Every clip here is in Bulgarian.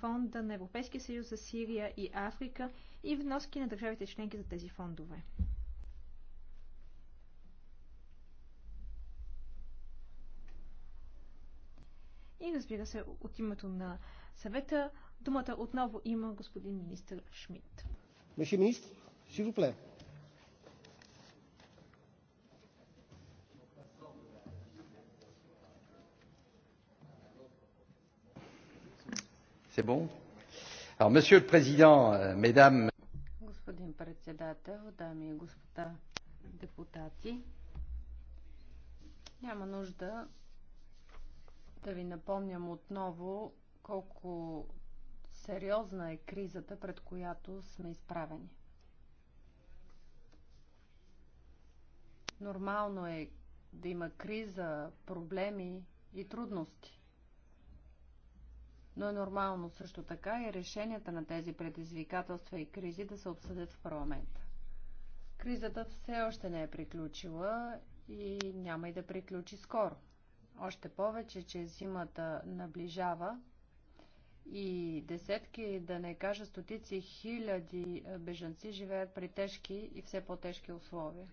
фонда на Европейския съюз за Сирия и Африка и вноски на държавите членки за тези фондове. И разбира се, от името на съвета, думата отново има господин министр Шмидт. Monsieur министр, ministre, Monsieur le Président, euh, mesdames... Господин председател, дами и господа депутати, няма нужда да ви напомням отново колко сериозна е кризата, пред която сме изправени. Нормално е да има криза, проблеми и трудности но е нормално също така и решенията на тези предизвикателства и кризи да се обсъдят в парламента. Кризата все още не е приключила и няма и да приключи скоро. Още повече, че зимата наближава и десетки, да не кажа стотици хиляди бежанци живеят при тежки и все по-тежки условия.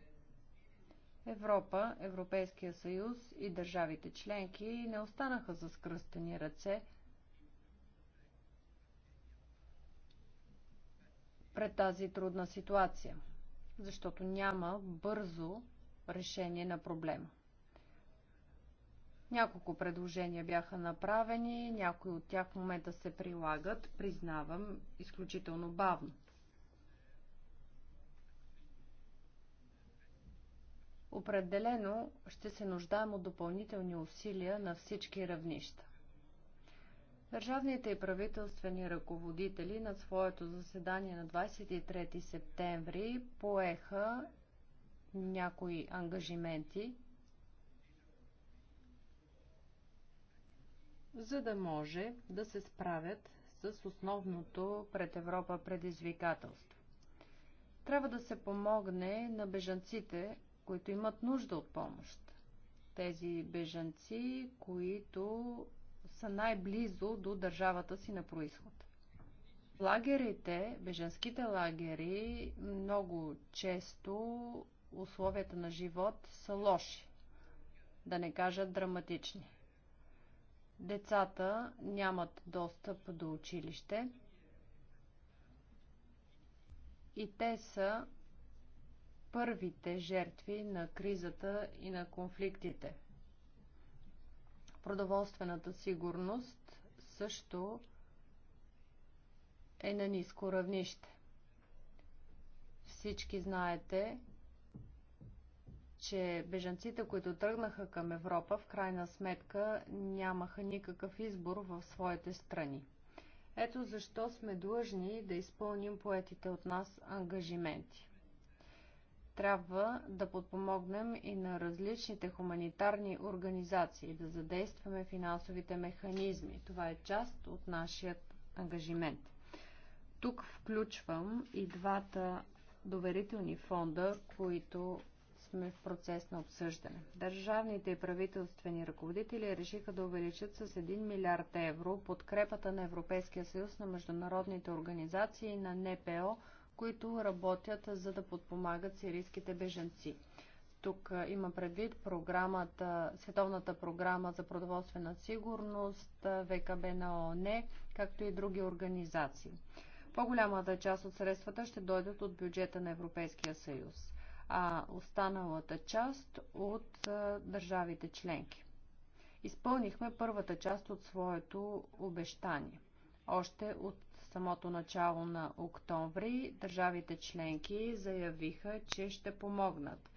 Европа, Европейския съюз и държавите членки не останаха за скръстени ръце – пред тази трудна ситуация, защото няма бързо решение на проблема. Няколко предложения бяха направени, някои от тях в момента се прилагат, признавам, изключително бавно. Определено ще се нуждаем от допълнителни усилия на всички равнища. Държавните и правителствени ръководители на своето заседание на 23 септември поеха някои ангажименти, за да може да се справят с основното пред Европа предизвикателство. Трябва да се помогне на бежанците, които имат нужда от помощ. Тези бежанци, които са най-близо до държавата си на происход. Лагерите, беженските лагери, много често условията на живот са лоши, да не кажа драматични. Децата нямат достъп до училище и те са първите жертви на кризата и на конфликтите – Продоволствената сигурност също е на ниско равнище. Всички знаете, че бежанците, които тръгнаха към Европа, в крайна сметка нямаха никакъв избор в своите страни. Ето защо сме длъжни да изпълним поетите от нас ангажименти трябва да подпомогнем и на различните хуманитарни организации, да задействаме финансовите механизми. Това е част от нашият ангажимент. Тук включвам и двата доверителни фонда, които сме в процес на обсъждане. Държавните и правителствени ръководители решиха да увеличат с 1 милиард евро подкрепата на Европейския съюз на международните организации и на НПО – които работят за да подпомагат сирийските беженци. Тук има предвид програмата, Световната програма за продоволствена сигурност, ВКБ на ООН, както и други организации. По-голямата част от средствата ще дойдат от бюджета на Европейския съюз, а останалата част от държавите членки. Изпълнихме първата част от своето обещание. Още от самото начало на октомври държавите членки заявиха, че ще помогнат.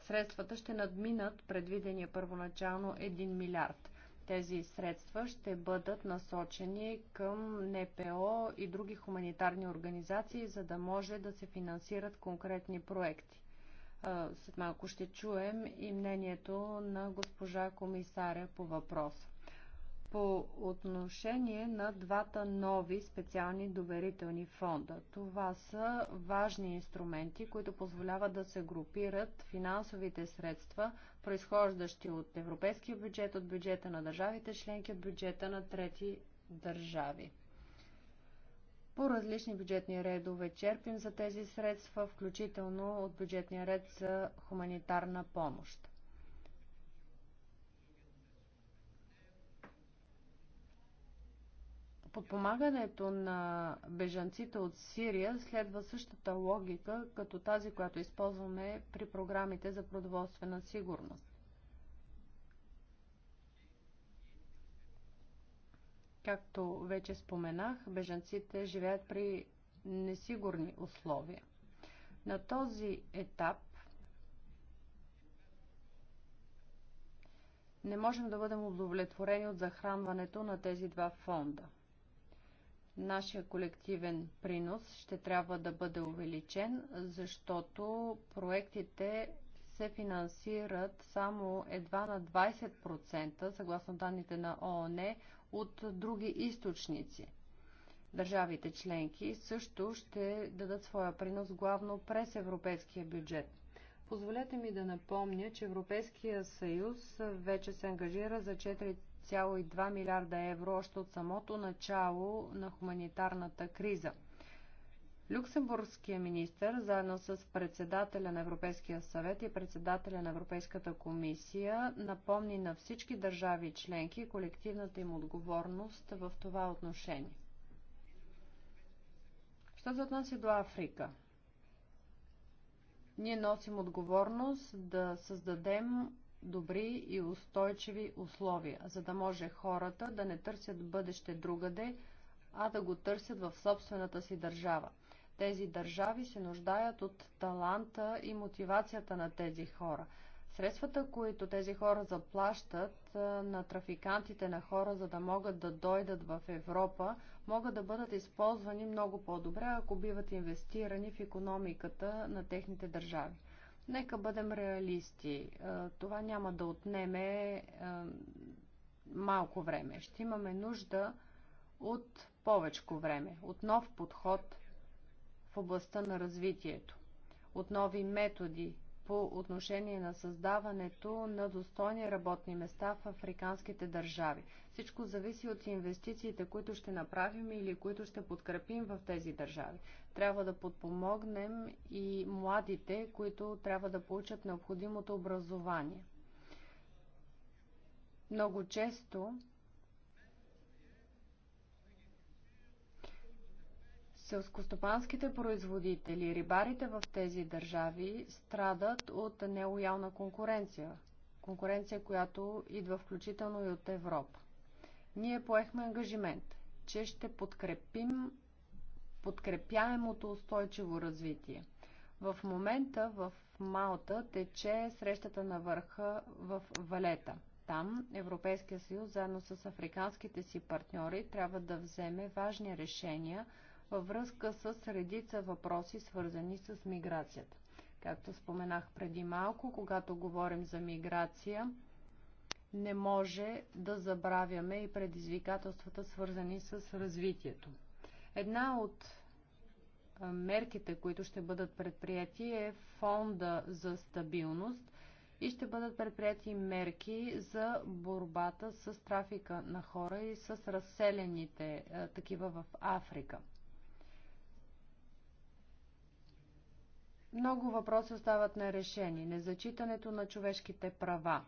Средствата ще надминат предвидения първоначално 1 милиард. Тези средства ще бъдат насочени към НПО и други хуманитарни организации, за да може да се финансират конкретни проекти. След малко ще чуем и мнението на госпожа комисаря по въпроса по отношение на двата нови специални доверителни фонда. Това са важни инструменти, които позволяват да се групират финансовите средства, произхождащи от европейския бюджет, от бюджета на държавите членки, от бюджета на трети държави. По различни бюджетни редове черпим за тези средства, включително от бюджетния ред за хуманитарна помощ. Подпомагането на бежанците от Сирия следва същата логика, като тази, която използваме при програмите за продоволствена сигурност. Както вече споменах, бежанците живеят при несигурни условия. На този етап не можем да бъдем удовлетворени от захранването на тези два фонда – Нашия колективен принос ще трябва да бъде увеличен, защото проектите се финансират само едва на 20%, съгласно данните на ООН, от други източници. Държавите членки също ще дадат своя принос главно през европейския бюджет. Позволете ми да напомня, че Европейския съюз вече се ангажира за 4 1,2 милиарда евро още от самото начало на хуманитарната криза. Люксембургския министр, заедно с председателя на Европейския съвет и председателя на Европейската комисия, напомни на всички държави членки колективната им отговорност в това отношение. Що се отнася до Африка? Ние носим отговорност да създадем добри и устойчиви условия, за да може хората да не търсят бъдеще другаде, а да го търсят в собствената си държава. Тези държави се нуждаят от таланта и мотивацията на тези хора. Средствата, които тези хора заплащат на трафикантите на хора, за да могат да дойдат в Европа, могат да бъдат използвани много по-добре, ако биват инвестирани в економиката на техните държави. Нека бъдем реалисти. Е, това няма да отнеме е, малко време. Ще имаме нужда от повечко време, от нов подход в областта на развитието, от нови методи по отношение на създаването на достойни работни места в африканските държави. Всичко зависи от инвестициите, които ще направим или които ще подкрепим в тези държави. Трябва да подпомогнем и младите, които трябва да получат необходимото образование. Много често Селскостопанските производители, рибарите в тези държави страдат от нелоялна конкуренция. Конкуренция, която идва включително и от Европа. Ние поехме ангажимент, че ще подкрепим подкрепяемото устойчиво развитие. В момента в Малта тече срещата на върха в Валета. Там Европейския съюз заедно с африканските си партньори трябва да вземе важни решения – във връзка с редица въпроси, свързани с миграцията. Както споменах преди малко, когато говорим за миграция, не може да забравяме и предизвикателствата, свързани с развитието. Една от мерките, които ще бъдат предприяти е фонда за стабилност и ще бъдат предприяти мерки за борбата с трафика на хора и с разселените такива в Африка. Много въпроси остават нерешени. Незачитането на човешките права.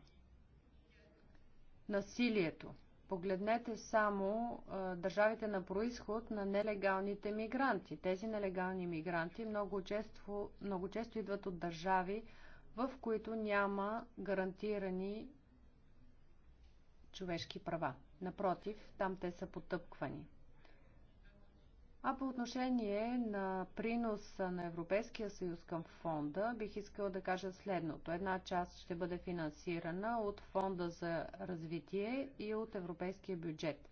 Насилието. Погледнете само а, държавите на происход на нелегалните мигранти. Тези нелегални мигранти много често, много често идват от държави, в които няма гарантирани човешки права. Напротив, там те са потъпквани. А по отношение на приноса на Европейския съюз към фонда, бих искала да кажа следното. Една част ще бъде финансирана от фонда за развитие и от европейския бюджет.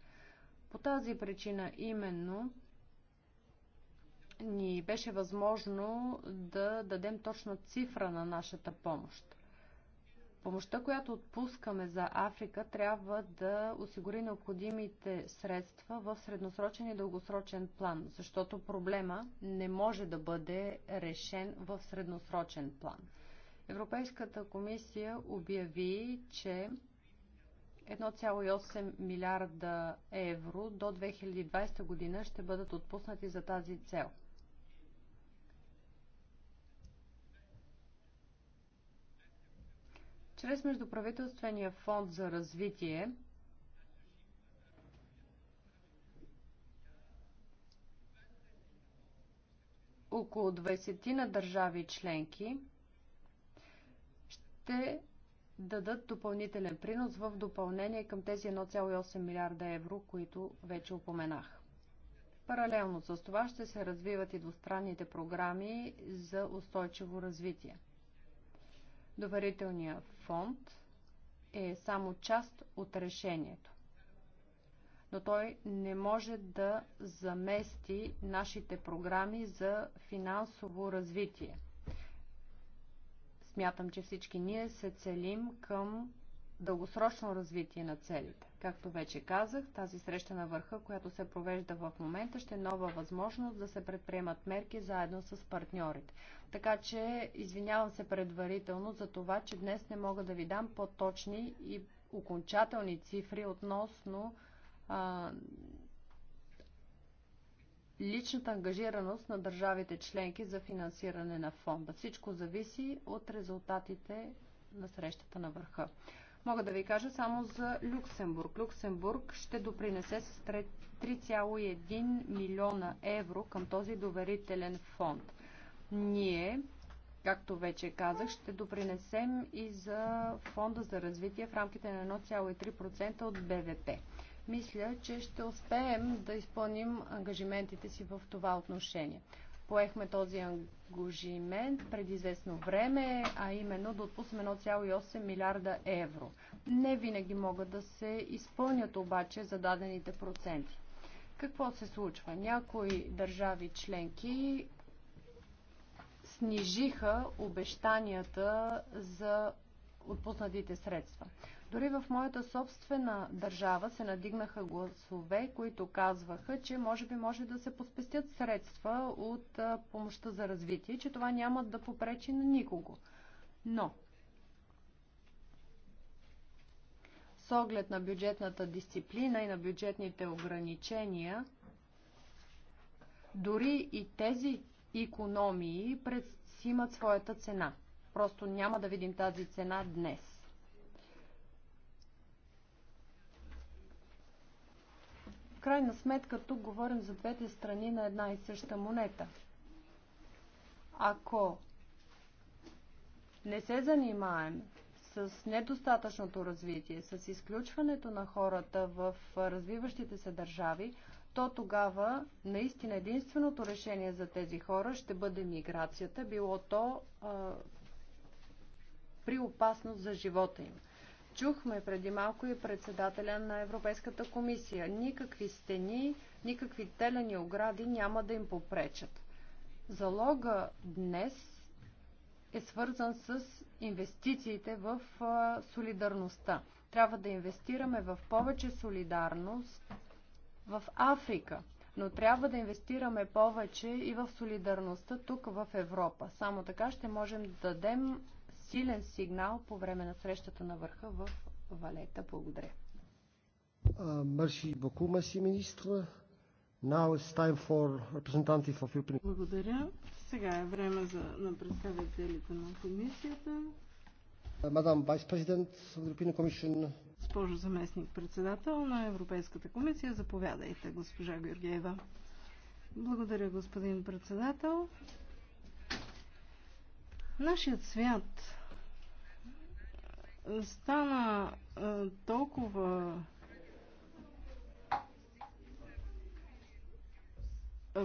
По тази причина именно ни беше възможно да дадем точна цифра на нашата помощ. Помощта, която отпускаме за Африка, трябва да осигури необходимите средства в средносрочен и дългосрочен план, защото проблема не може да бъде решен в средносрочен план. Европейската комисия обяви, че 1,8 милиарда евро до 2020 година ще бъдат отпуснати за тази цел – Чрез Междуправителствения фонд за развитие около 20 на държави членки ще дадат допълнителен принос в допълнение към тези 1,8 милиарда евро, които вече упоменах. Паралелно с това ще се развиват и двустранните програми за устойчиво развитие. Доверителният фонд е само част от решението. Но той не може да замести нашите програми за финансово развитие. Смятам, че всички ние се целим към дългосрочно развитие на целите. Както вече казах, тази среща на върха, която се провежда в момента, ще е нова възможност да се предприемат мерки заедно с партньорите. Така че извинявам се предварително за това, че днес не мога да ви дам по-точни и окончателни цифри относно а, личната ангажираност на държавите членки за финансиране на фонда. Всичко зависи от резултатите на срещата на върха. Мога да ви кажа само за Люксембург. Люксембург ще допринесе с 3,1 милиона евро към този доверителен фонд. Ние, както вече казах, ще допринесем и за фонда за развитие в рамките на 1,3% от БВП. Мисля, че ще успеем да изпълним ангажиментите си в това отношение поехме този ангажимент преди известно време, а именно да отпуснем 1,8 милиарда евро. Не винаги могат да се изпълнят обаче зададените проценти. Какво се случва? Някои държави членки снижиха обещанията за отпуснатите средства. Дори в моята собствена държава се надигнаха гласове, които казваха, че може би може да се поспестят средства от помощта за развитие, че това няма да попречи на никого. Но с оглед на бюджетната дисциплина и на бюджетните ограничения, дори и тези икономии пред, имат своята цена. Просто няма да видим тази цена днес. В крайна сметка тук говорим за двете страни на една и съща монета. Ако не се занимаем с недостатъчното развитие, с изключването на хората в развиващите се държави, то тогава наистина единственото решение за тези хора ще бъде миграцията, било то а, при опасност за живота им. Чухме преди малко и председателя на Европейската комисия. Никакви стени, никакви телени огради няма да им попречат. Залога днес е свързан с инвестициите в солидарността. Трябва да инвестираме в повече солидарност в Африка, но трябва да инвестираме повече и в солидарността тук в Европа. Само така ще можем да дадем силен сигнал по време на срещата на върха в Валета. Благодаря. Мерси баку, мерси министра. Now it's time for representative of European... Благодаря. Сега е време за, на представителите на комисията. Мадам Вайс Президент на the European Commission. Госпожо заместник председател на Европейската комисия, заповядайте, госпожа Георгиева. Благодаря, господин председател. Нашият свят стана толкова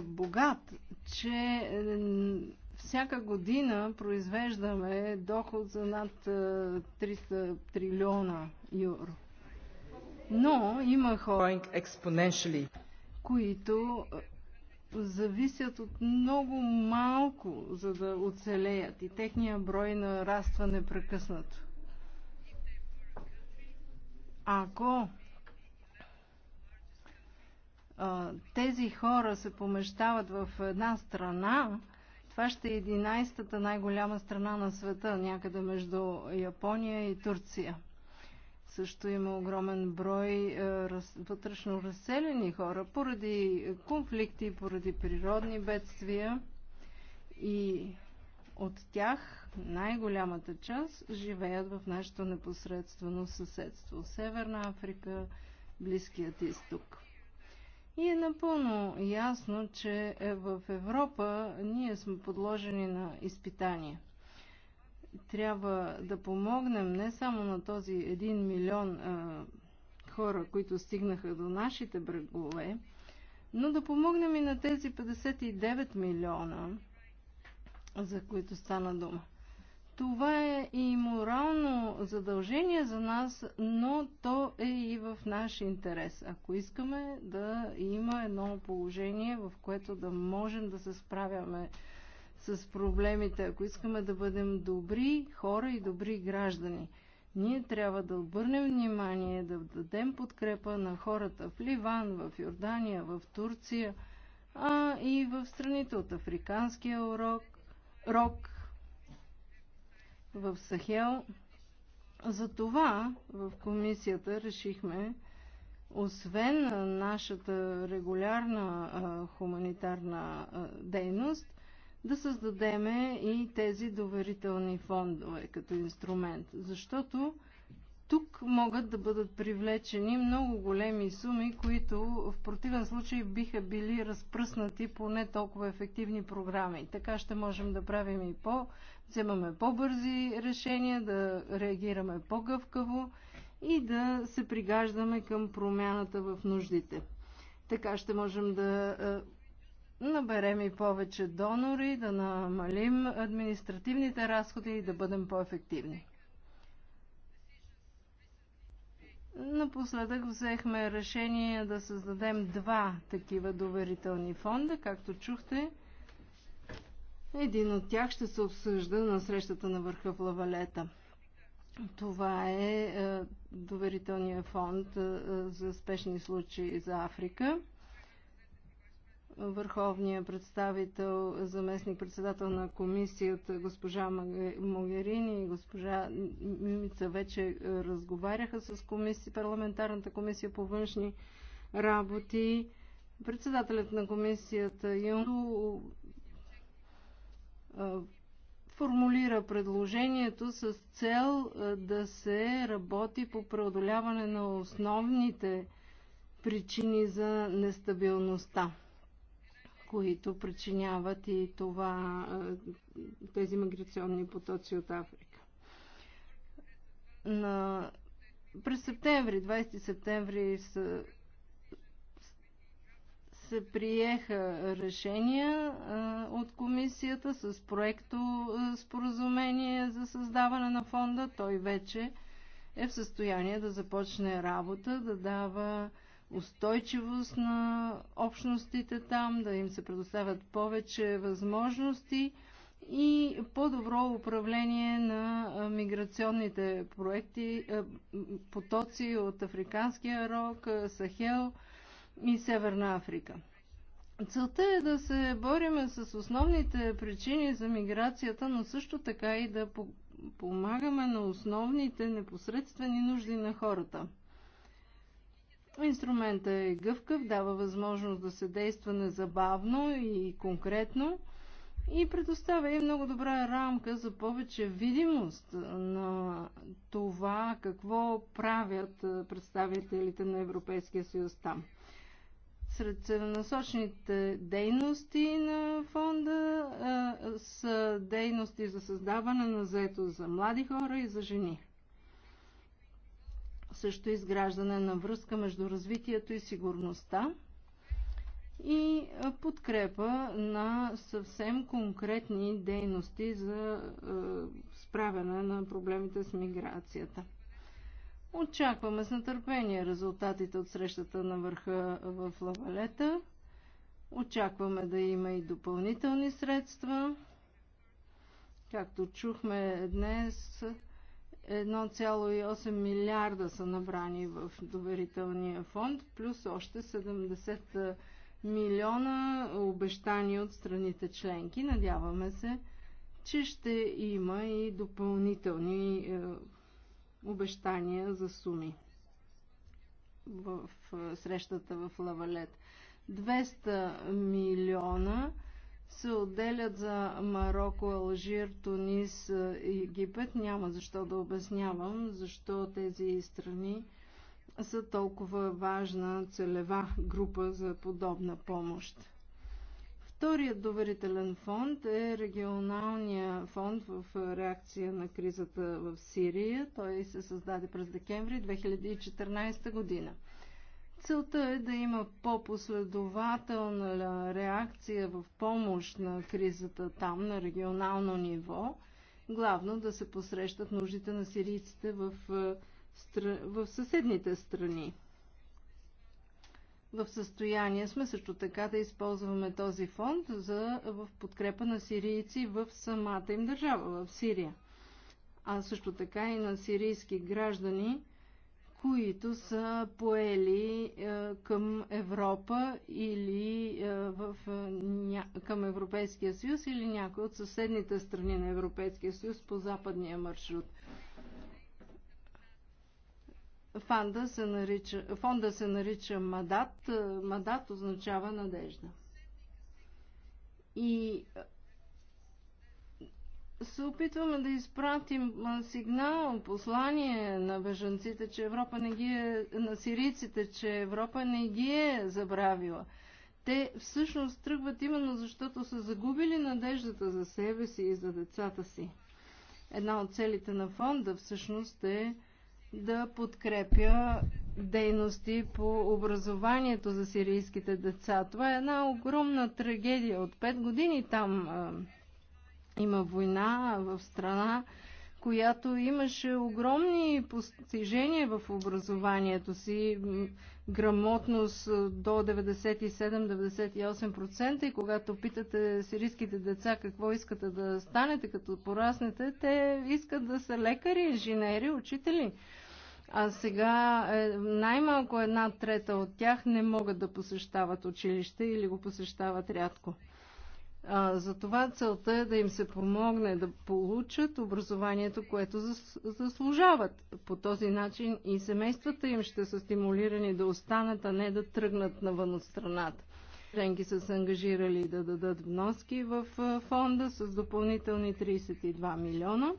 богат, че всяка година произвеждаме доход за над 300 трилиона евро. Но има хора, които зависят от много малко, за да оцелеят и техния брой нараства непрекъснато. Ако тези хора се помещават в една страна, това ще е 11-та най-голяма страна на света, някъде между Япония и Турция. Също има огромен брой е, вътрешно разселени хора поради конфликти, поради природни бедствия и от тях най-голямата част живеят в нашето непосредствено съседство Северна Африка, Близкият изток. И е напълно ясно, че е в Европа ние сме подложени на изпитание. Трябва да помогнем не само на този 1 милион а, хора, които стигнаха до нашите брегове, но да помогнем и на тези 59 милиона, за които стана дума. Това е и морално задължение за нас, но то е и в наш интерес. Ако искаме да има едно положение, в което да можем да се справяме с проблемите, ако искаме да бъдем добри хора и добри граждани, ние трябва да обърнем внимание, да дадем подкрепа на хората в Ливан, в Йордания, в Турция, а и в страните от Африканския урок, Рок в Сахел. Затова в комисията решихме, освен нашата регулярна а, хуманитарна а, дейност, да създадеме и тези доверителни фондове като инструмент. Защото тук могат да бъдат привлечени много големи суми, които в противен случай биха били разпръснати по не толкова ефективни програми. Така ще можем да правим и по, вземаме по-бързи решения, да реагираме по-гъвкаво и да се пригаждаме към промяната в нуждите. Така ще можем да е, наберем и повече донори, да намалим административните разходи и да бъдем по-ефективни. Напоследък взехме решение да създадем два такива доверителни фонда, както чухте. Един от тях ще се обсъжда на срещата на върха в Лавалета. Това е, е доверителният фонд е, е, за спешни случаи за Африка върховния представител, заместник председател на комисията госпожа Могерини и госпожа Мимица вече е, разговаряха с комисия, парламентарната комисия по външни работи. Председателят на комисията Юнто е, формулира предложението с цел е, да се работи по преодоляване на основните причини за нестабилността които причиняват и това, тези миграционни потоци от Африка. На... През септември, 20 септември са се приеха решения от комисията с проекто споразумение за създаване на фонда. Той вече е в състояние да започне работа, да дава устойчивост на общностите там, да им се предоставят повече възможности и по-добро управление на миграционните проекти, потоци от Африканския рог, Сахел и Северна Африка. Целта е да се бориме с основните причини за миграцията, но също така и да помагаме на основните непосредствени нужди на хората – Инструментът е гъвкав, дава възможност да се действа незабавно и конкретно и предоставя и много добра рамка за повече видимост на това какво правят представителите на Европейския съюз там. Сред целенасочните дейности на фонда а, са дейности за създаване на заето за млади хора и за жени също изграждане на връзка между развитието и сигурността и подкрепа на съвсем конкретни дейности за справяне на проблемите с миграцията. Очакваме с нетърпение резултатите от срещата на върха в Лавалета. Очакваме да има и допълнителни средства. Както чухме днес, 1,8 милиарда са набрани в доверителния фонд, плюс още 70 милиона обещани от страните членки. Надяваме се, че ще има и допълнителни е, обещания за суми в е, срещата в Лавалет. 200 милиона се отделят за Марокко, Алжир, Тунис е, и Египет. Няма защо да обяснявам защо тези страни са толкова важна целева група за подобна помощ. Вторият доверителен фонд е регионалния фонд в реакция на кризата в Сирия. Той се създаде през декември 2014 година. Целта е да има по-последователна реакция в помощ на кризата там на регионално ниво, главно да се посрещат нуждите на сирийците в, е, в съседните страни. В състояние сме също така да използваме този фонд за, в подкрепа на сирийци в самата им държава, в Сирия. А също така и на сирийски граждани – които са поели е, към Европа или е, в, е, към Европейския съюз или някои от съседните страни на Европейския съюз по западния маршрут. Фонда се нарича, фонда се нарича Мадат. Мадат означава надежда. И се опитваме да изпратим сигнал, послание на бежанците, че Европа не ги е, на сирийците, че Европа не ги е забравила. Те всъщност тръгват именно защото са загубили надеждата за себе си и за децата си. Една от целите на фонда всъщност е да подкрепя дейности по образованието за сирийските деца. Това е една огромна трагедия. От 5 години там има война в страна, която имаше огромни постижения в образованието си, грамотност до 97-98% и когато питате сирийските деца какво искате да станете като пораснете, те искат да са лекари, инженери, учители. А сега е, най-малко една трета от тях не могат да посещават училище или го посещават рядко. Затова целта е да им се помогне да получат образованието, което заслужават. По този начин и семействата им ще са стимулирани да останат, а не да тръгнат навън от страната. Членки са се ангажирали да дадат вноски в фонда с допълнителни 32 милиона.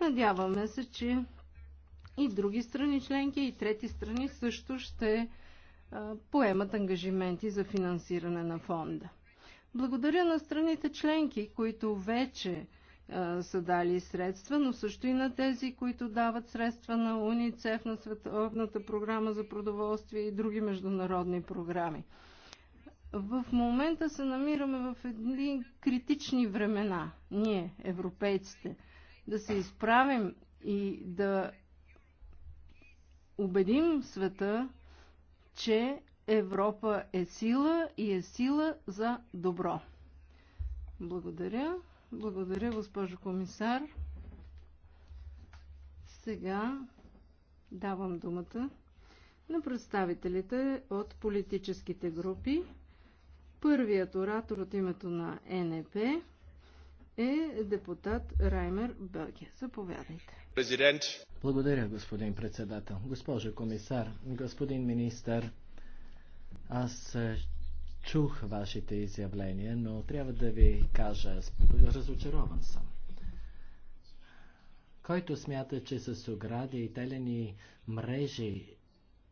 Надяваме се, че и други страни членки, и трети страни също ще поемат ангажименти за финансиране на фонда. Благодаря на страните членки, които вече а, са дали средства, но също и на тези, които дават средства на УНИЦЕФ, на Световната програма за продоволствие и други международни програми. В момента се намираме в едни критични времена, ние, европейците, да се изправим и да убедим света, че Европа е сила и е сила за добро. Благодаря. Благодаря, госпожо комисар. Сега давам думата на представителите от политическите групи. Първият оратор от името на НЕП е депутат Раймер Бълге. Заповядайте. Президент. Благодаря, господин председател. Госпожо комисар, господин министър, аз е, чух вашите изявления, но трябва да ви кажа, разочарован съм. Който смята, че с огради и телени мрежи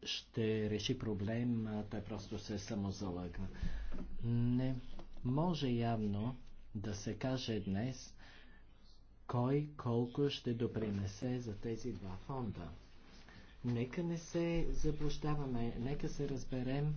ще реши проблем, той просто се самозалъгна. Не може явно да се каже днес кой колко ще допринесе за тези два фонда. Нека не се заблуждаваме, нека се разберем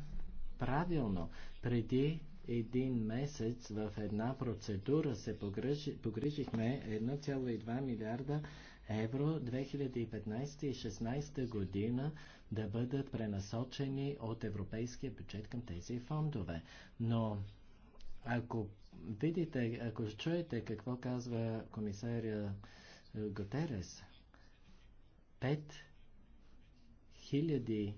правилно. Преди един месец в една процедура се погрежи, погрижихме 1,2 милиарда евро 2015 и 2016 година да бъдат пренасочени от европейския бюджет към тези фондове. Но ако видите, ако чуете какво казва комисаря е, Готерес, 5 хиляди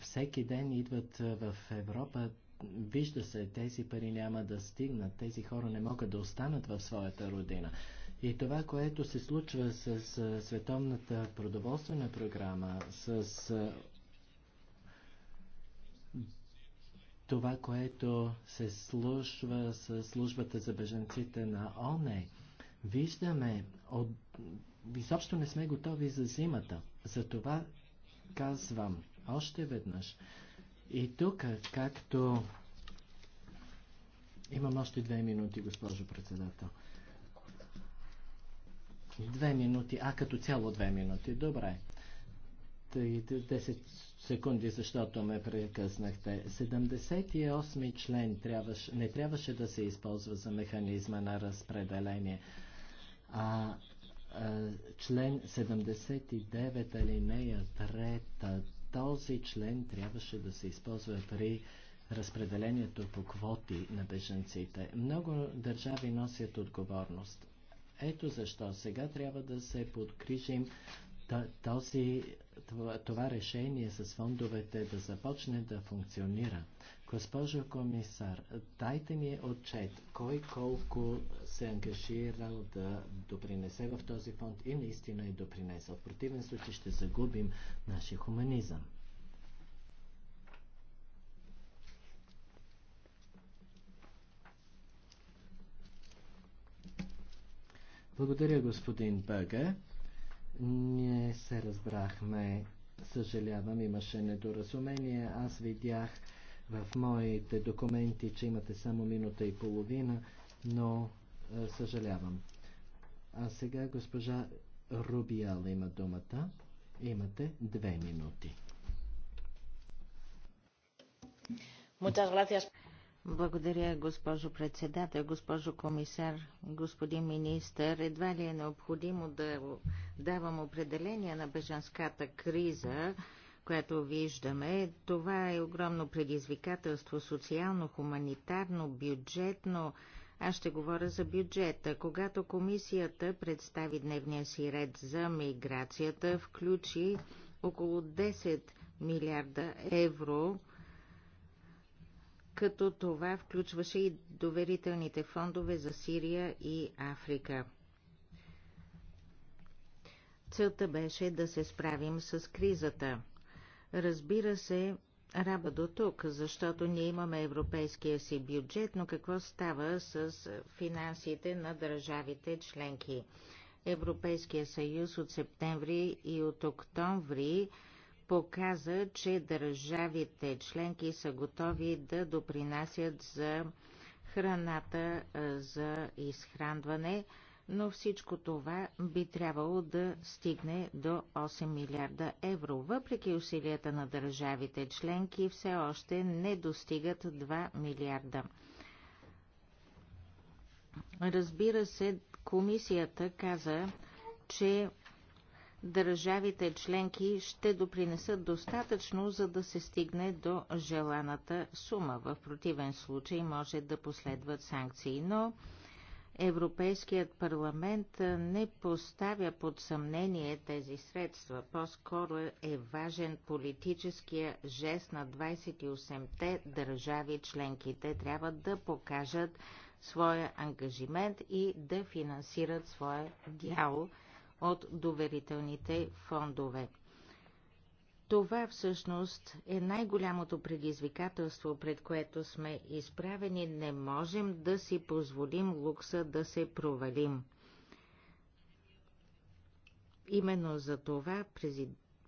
всеки ден идват в Европа. Вижда се, тези пари няма да стигнат. Тези хора не могат да останат в своята родина. И това, което се случва с Световната продоволствена програма, с това, което се случва с службата за беженците на ОНЕ, виждаме от изобщо не сме готови за зимата. Затова казвам още веднъж. И тук, както Имам още две минути, госпожо председател. Две минути, а като цяло две минути. Добре. 10 секунди, защото ме прекъснахте. 78 член трябваше, не трябваше да се използва за механизма на разпределение. А е, член 79 алинея 3. Този член трябваше да се използва при разпределението по квоти на беженците. Много държави носят отговорност. Ето защо сега трябва да се подкрижим този, това решение с фондовете да започне да функционира. Госпожо комисар, дайте ми отчет кой колко се е ангажирал да допринесе в този фонд и наистина е допринесъл. В противен случай ще загубим нашия хуманизъм. Благодаря, господин Бъга. Ние се разбрахме. Съжалявам, имаше недоразумение. Аз видях в моите документи, че имате само минута и половина, но е, съжалявам. А сега госпожа Рубиала има думата. Имате две минути. Благодаря, госпожо председател, госпожо комисар, господин министър. Едва ли е необходимо да давам определение на бежанската криза, която виждаме. Това е огромно предизвикателство, социално, хуманитарно, бюджетно. Аз ще говоря за бюджета. Когато комисията представи дневния си ред за миграцията, включи около 10 милиарда евро, като това включваше и доверителните фондове за Сирия и Африка. Целта беше да се справим с кризата – Разбира се, раба до тук, защото ние имаме европейския си бюджет, но какво става с финансите на държавите членки? Европейския съюз от септември и от октомври показа, че държавите членки са готови да допринасят за храната за изхранване но всичко това би трябвало да стигне до 8 милиарда евро. Въпреки усилията на държавите членки, все още не достигат 2 милиарда. Разбира се, комисията каза, че държавите членки ще допринесат достатъчно, за да се стигне до желаната сума. В противен случай може да последват санкции, но Европейският парламент не поставя под съмнение тези средства. По-скоро е, е важен политическия жест на 28-те държави членки. Те трябва да покажат своя ангажимент и да финансират своя дял от доверителните фондове. Това всъщност е най-голямото предизвикателство, пред което сме изправени. Не можем да си позволим лукса да се провалим. Именно за това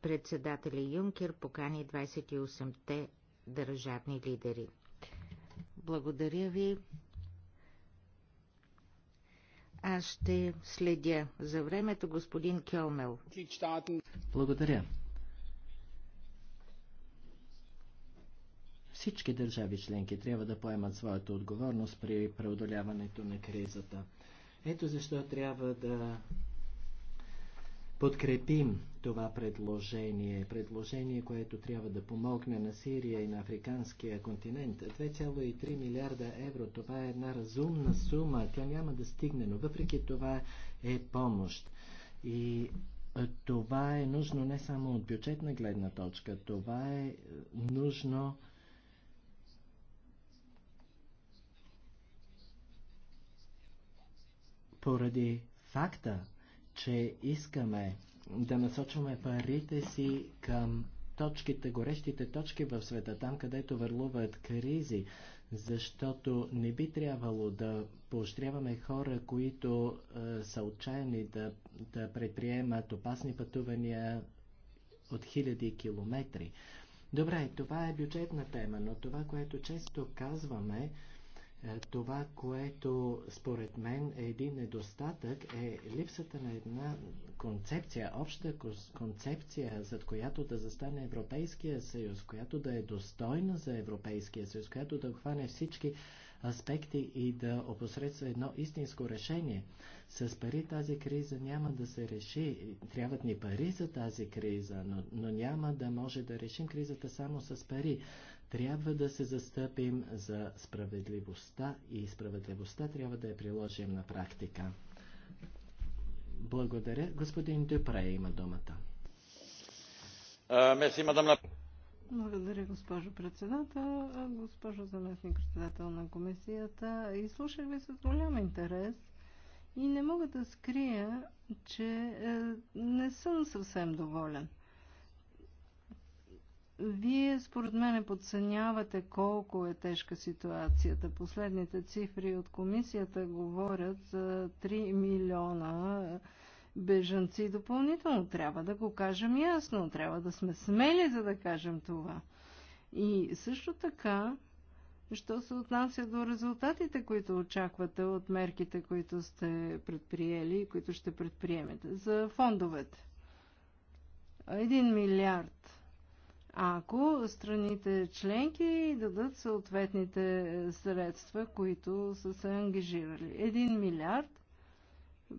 председателя Юнкер покани 28-те държавни лидери. Благодаря ви. Аз ще следя за времето господин Кьомел. Благодаря. Всички държави членки трябва да поемат своята отговорност при преодоляването на кризата. Ето защо трябва да подкрепим това предложение. Предложение, което трябва да помогне на Сирия и на африканския континент. 2,3 милиарда евро, това е една разумна сума. Тя няма да стигне, но въпреки това е помощ. И това е нужно не само от бюджетна гледна точка, това е нужно поради факта, че искаме да насочваме парите си към точките, горещите точки в света, там където върлуват кризи, защото не би трябвало да поощряваме хора, които е, са отчаяни да, да предприемат опасни пътувания от хиляди километри. Добре, това е бюджетна тема, но това, което често казваме, е, това, което според мен е един недостатък, е липсата на една концепция, обща концепция, зад която да застане Европейския съюз, която да е достойна за Европейския съюз, която да хване всички аспекти и да опосредства едно истинско решение. С пари тази криза няма да се реши. Трябват ни пари за тази криза, но, но няма да може да решим кризата само с пари. Трябва да се застъпим за справедливостта и справедливостта трябва да я приложим на практика. Благодаря. Господин Дюпре има думата. Благодаря, госпожо председател. Госпожо заместник председател на комисията, и слушах ви с голям интерес и не мога да скрия, че е, не съм съвсем доволен. Вие, според мен, подценявате колко е тежка ситуацията. Последните цифри от комисията говорят за 3 милиона бежанци допълнително. Трябва да го кажем ясно, трябва да сме смели, за да кажем това. И също така, що се отнася до резултатите, които очаквате от мерките, които сте предприели и които ще предприемете за фондовете. Един милиард ако страните членки дадат съответните средства, които са се ангажирали. Един милиард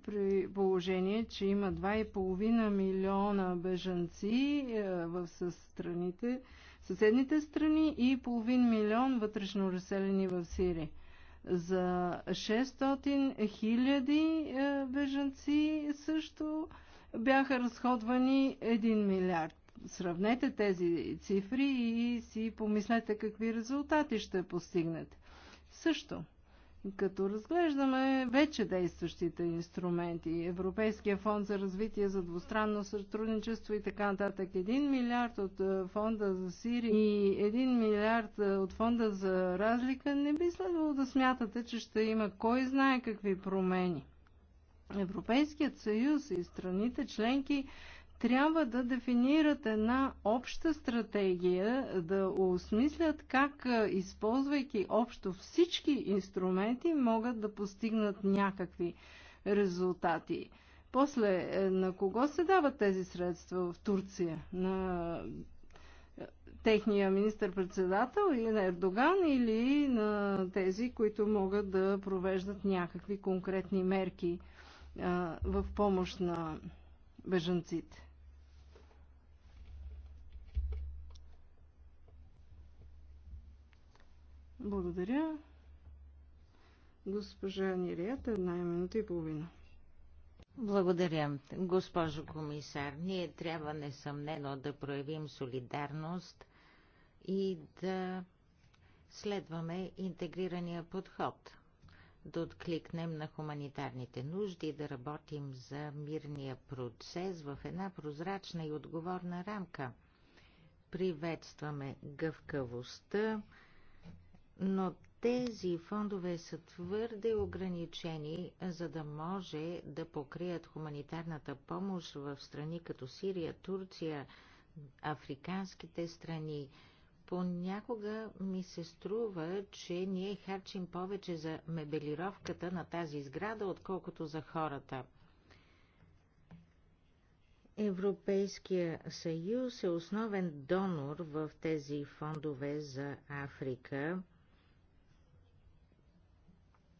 при положение, че има 2,5 милиона бежанци е, в страните, съседните страни и половин милион вътрешно разселени в Сирия. За 600 хиляди е, бежанци също бяха разходвани 1 милиард. Сравнете тези цифри и си помислете какви резултати ще постигнете. Също, като разглеждаме вече действащите инструменти, Европейския фонд за развитие за двустранно сътрудничество и така нататък, 1 милиард от е, фонда за сири и 1 милиард е, от фонда за разлика, не би следвало да смятате, че ще има кой знае какви промени. Европейският съюз и страните членки трябва да дефинират една обща стратегия, да осмислят как, използвайки общо всички инструменти, могат да постигнат някакви резултати. После, е, на кого се дават тези средства в Турция? На е, техния министр-председател или на Ердоган или на тези, които могат да провеждат някакви конкретни мерки а, в помощ на бежанците. Благодаря. Госпожа Нирията, една минута и половина. Благодаря, госпожо комисар. Ние трябва несъмнено да проявим солидарност и да следваме интегрирания подход, да откликнем на хуманитарните нужди, да работим за мирния процес в една прозрачна и отговорна рамка. Приветстваме гъвкавостта, но тези фондове са твърде ограничени, за да може да покрият хуманитарната помощ в страни като Сирия, Турция, африканските страни. Понякога ми се струва, че ние харчим повече за мебелировката на тази сграда, отколкото за хората. Европейския съюз е основен донор в тези фондове за Африка –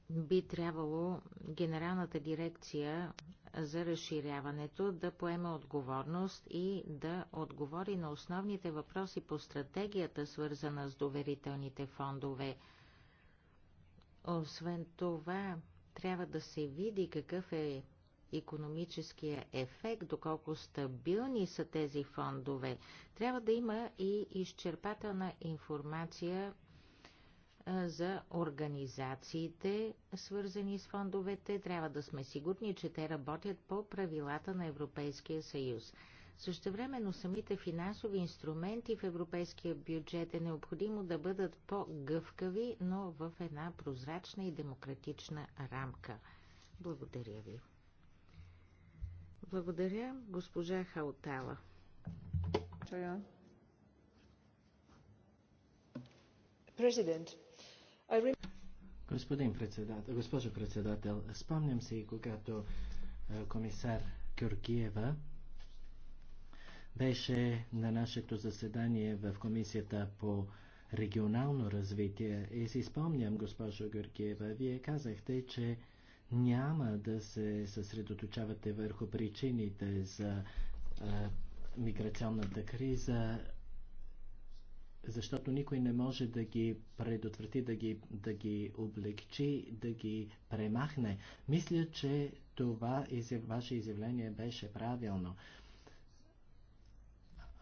би трябвало Генералната дирекция за разширяването да поеме отговорност и да отговори на основните въпроси по стратегията, свързана с доверителните фондове. Освен това, трябва да се види какъв е економическия ефект, доколко стабилни са тези фондове. Трябва да има и изчерпателна информация за организациите, свързани с фондовете. Трябва да сме сигурни, че те работят по правилата на Европейския съюз. Същевременно самите финансови инструменти в европейския бюджет е необходимо да бъдат по-гъвкави, но в една прозрачна и демократична рамка. Благодаря ви. Благодаря, госпожа Хаутала. Президент. Господин председател, госпожо председател, спомням си когато комисар Георгиева беше на нашето заседание в комисията по регионално развитие и си спомням, госпожо Георгиева, вие казахте, че няма да се съсредоточавате върху причините за а, миграционната криза, защото никой не може да ги предотврати, да ги, да ги облегчи, да ги премахне. Мисля, че това изяв... ваше изявление беше правилно.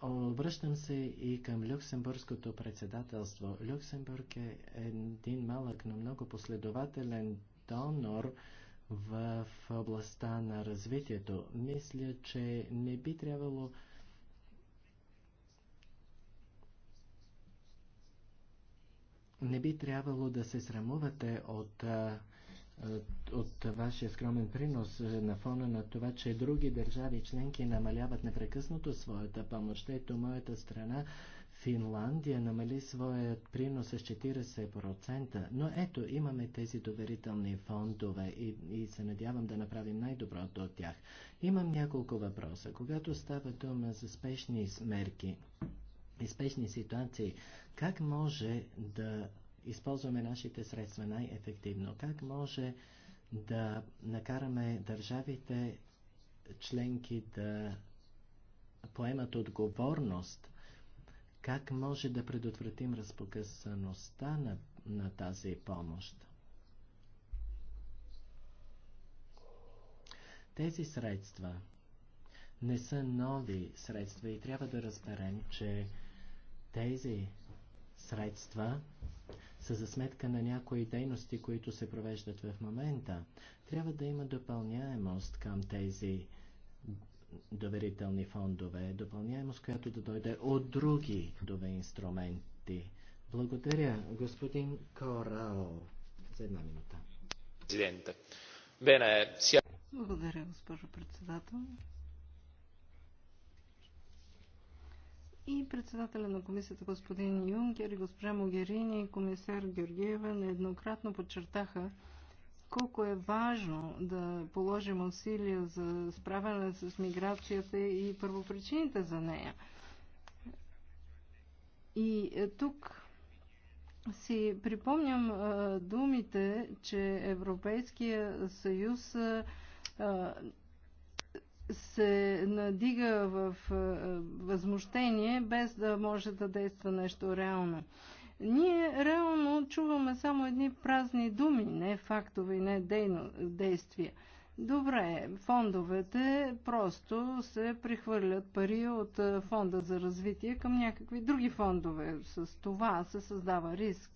Обръщам се и към Люксембургското председателство. Люксембург е един малък, но много последователен донор в областта на развитието. Мисля, че не би трябвало не би трябвало да се срамувате от, от, вашия скромен принос на фона на това, че други държави членки намаляват непрекъснато своята помощ. Ето моята страна Финландия намали своят принос с 40%, но ето имаме тези доверителни фондове и, и се надявам да направим най-доброто от тях. Имам няколко въпроса. Когато става дума за спешни мерки, и спешни ситуации, как може да използваме нашите средства най-ефективно? Как може да накараме държавите членки да поемат отговорност? Как може да предотвратим разпокъсаността на, на тази помощ? Тези средства не са нови средства и трябва да разберем, че тези средства са за сметка на някои дейности, които се провеждат в момента. Трябва да има допълняемост към тези доверителни фондове, допълняемост, която да дойде от други дове инструменти. Благодаря, господин Корао. За една минута. Благодаря, госпожо председател. и председателя на комисията господин Юнкер и госпожа Могерини и комисар Георгиева нееднократно подчертаха колко е важно да положим усилия за справяне с миграцията и първопричините за нея. И е, тук си припомням е, думите, че Европейския съюз е, се надига в възмущение, без да може да действа нещо реално. Ние реално чуваме само едни празни думи, не фактове и не дейно, действия. Добре, фондовете просто се прехвърлят пари от фонда за развитие към някакви други фондове. С това се създава риск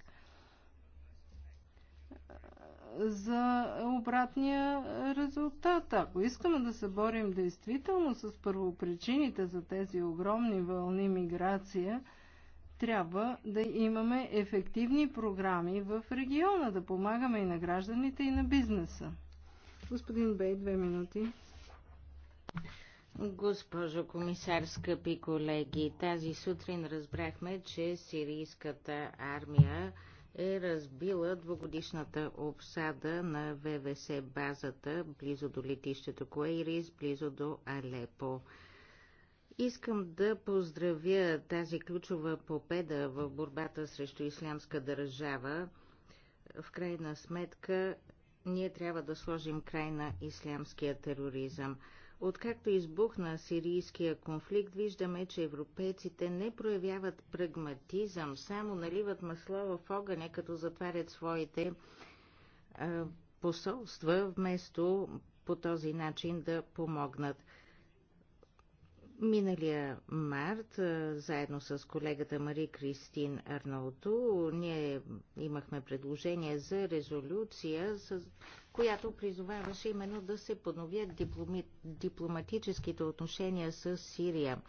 за обратния резултат. Ако искаме да се борим действително с първопричините за тези огромни вълни миграция, трябва да имаме ефективни програми в региона, да помагаме и на гражданите, и на бизнеса. Господин Бей, две минути. Госпожо комисар, скъпи колеги, тази сутрин разбрахме, че сирийската армия е разбила двогодишната обсада на ВВС базата близо до летището Куейрис, близо до Алепо. Искам да поздравя тази ключова победа в борбата срещу ислямска държава. В крайна сметка ние трябва да сложим край на ислямския тероризъм. Откакто избухна сирийския конфликт, виждаме, че европейците не проявяват прагматизъм, само наливат масло в огъня, като затварят своите а, посолства, вместо по този начин да помогнат. Миналия март, заедно с колегата Мари Кристин Арнолто, ние имахме предложение за резолюция, с която призоваваше именно да се подновят дипломи... дипломатическите отношения с Сирия.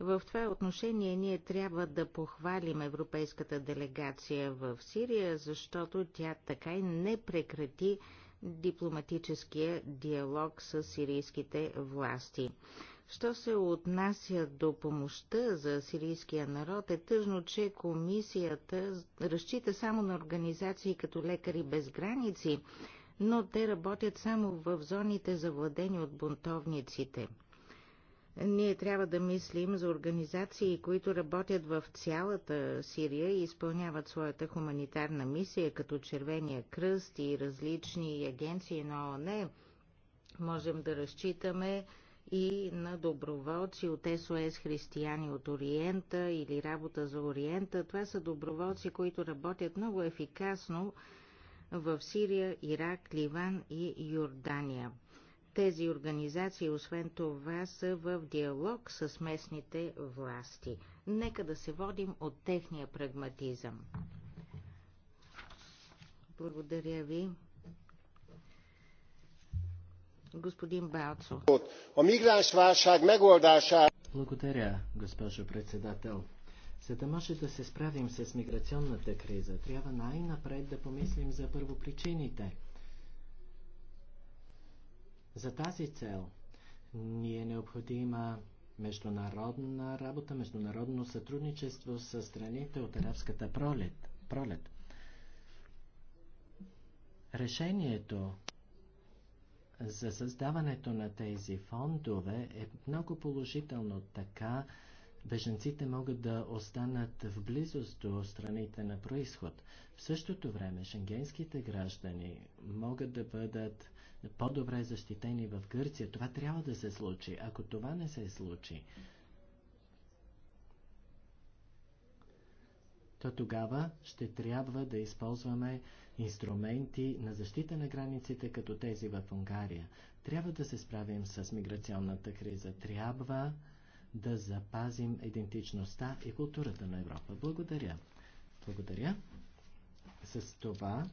В това отношение ние трябва да похвалим европейската делегация в Сирия, защото тя така и не прекрати дипломатическия диалог с сирийските власти. Що се отнася до помощта за сирийския народ, е тъжно, че комисията разчита само на организации като Лекари без граници, но те работят само в зоните завладени от бунтовниците. Ние трябва да мислим за организации, които работят в цялата Сирия и изпълняват своята хуманитарна мисия, като Червения кръст и различни агенции на ООН. Можем да разчитаме и на доброволци от СОС Християни от Ориента или Работа за Ориента. Това са доброволци, които работят много ефикасно в Сирия, Ирак, Ливан и Йордания. Тези организации, освен това, са в диалог с местните власти. Нека да се водим от техния прагматизъм. Благодаря ви. Господин Балцо. Благодаря, госпожо председател. За да може да се справим с миграционната криза, трябва най-напред да помислим за първопричините. За тази цел ни е необходима международна работа, международно сътрудничество с страните от арабската пролет. пролет. Решението за създаването на тези фондове е много положително така, Беженците могат да останат в близост до страните на происход. В същото време шенгенските граждани могат да бъдат по-добре защитени в Гърция. Това трябва да се случи. Ако това не се случи, то тогава ще трябва да използваме инструменти на защита на границите, като тези в Унгария. Трябва да се справим с миграционната криза. Трябва да запазим идентичността и културата на Европа. Благодаря. Благодаря. С това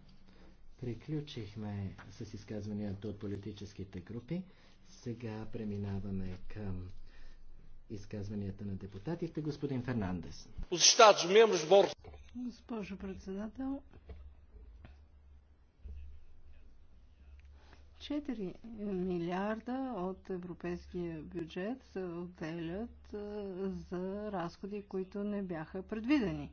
приключихме с изказванията от политическите групи. Сега преминаваме към изказванията на депутатите. Господин Фернандес. Госпожо председател, 4 милиарда от европейския бюджет се отделят за разходи, които не бяха предвидени.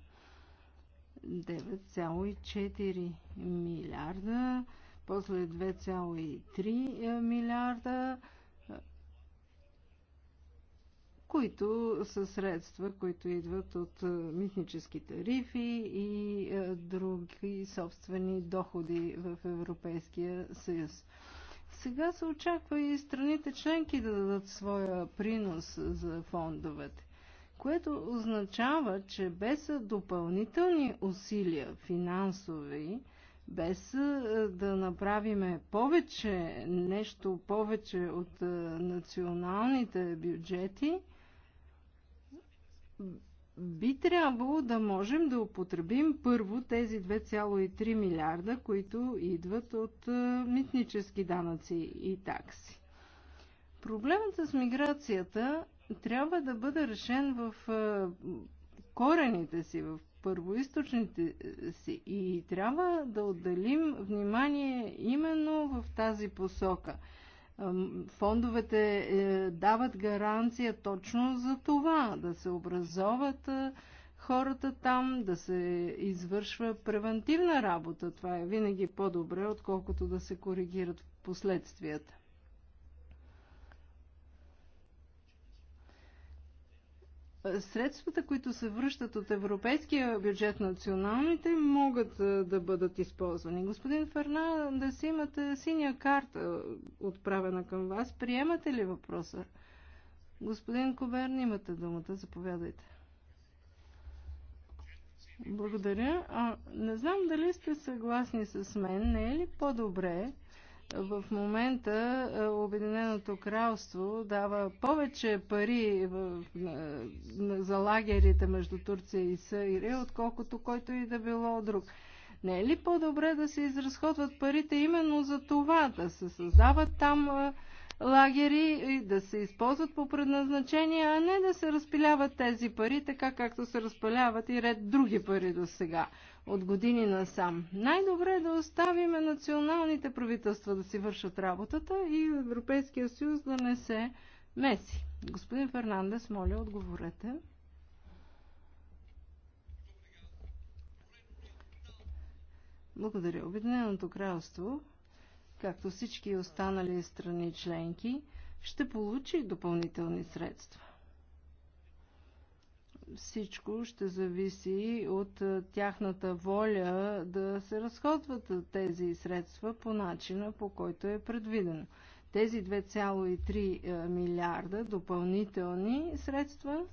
9,4 милиарда, после 2,3 милиарда, които са средства, които идват от митнически тарифи и други собствени доходи в Европейския съюз. Сега се очаква и страните членки да дадат своя принос за фондовете, което означава, че без допълнителни усилия финансови, без да направиме повече, нещо повече от националните бюджети, би трябвало да можем да употребим първо тези 2,3 милиарда, които идват от е, митнически данъци и такси. Проблемът с миграцията трябва да бъде решен в е, корените си, в първоисточните е, си и трябва да отделим внимание именно в тази посока – Фондовете е, дават гаранция точно за това, да се образоват е, хората там, да се извършва превентивна работа. Това е винаги по-добре, отколкото да се коригират последствията. средствата, които се връщат от европейския бюджет националните, могат да бъдат използвани. Господин да си имате синя карта отправена към вас. Приемате ли въпроса? Господин Кобер, имате думата. Заповядайте. Благодаря. А, не знам дали сте съгласни с мен. Не е ли по-добре в момента е, Обединеното кралство дава повече пари в, за лагерите между Турция и Сирия, отколкото който и да било друг. Не е ли по-добре да се изразходват парите именно за това, да се създават там е, лагери и да се използват по предназначение, а не да се разпиляват тези пари, така както се разпиляват и ред други пари до сега, от години насам. Най-добре е да оставиме националните правителства да си вършат работата и Европейския съюз да не се меси. Господин Фернандес, моля, отговорете. Благодаря. Обединеното кралство както всички останали страни членки, ще получи допълнителни средства. Всичко ще зависи от тяхната воля да се разходват тези средства по начина, по който е предвидено. Тези 2,3 милиарда допълнителни средства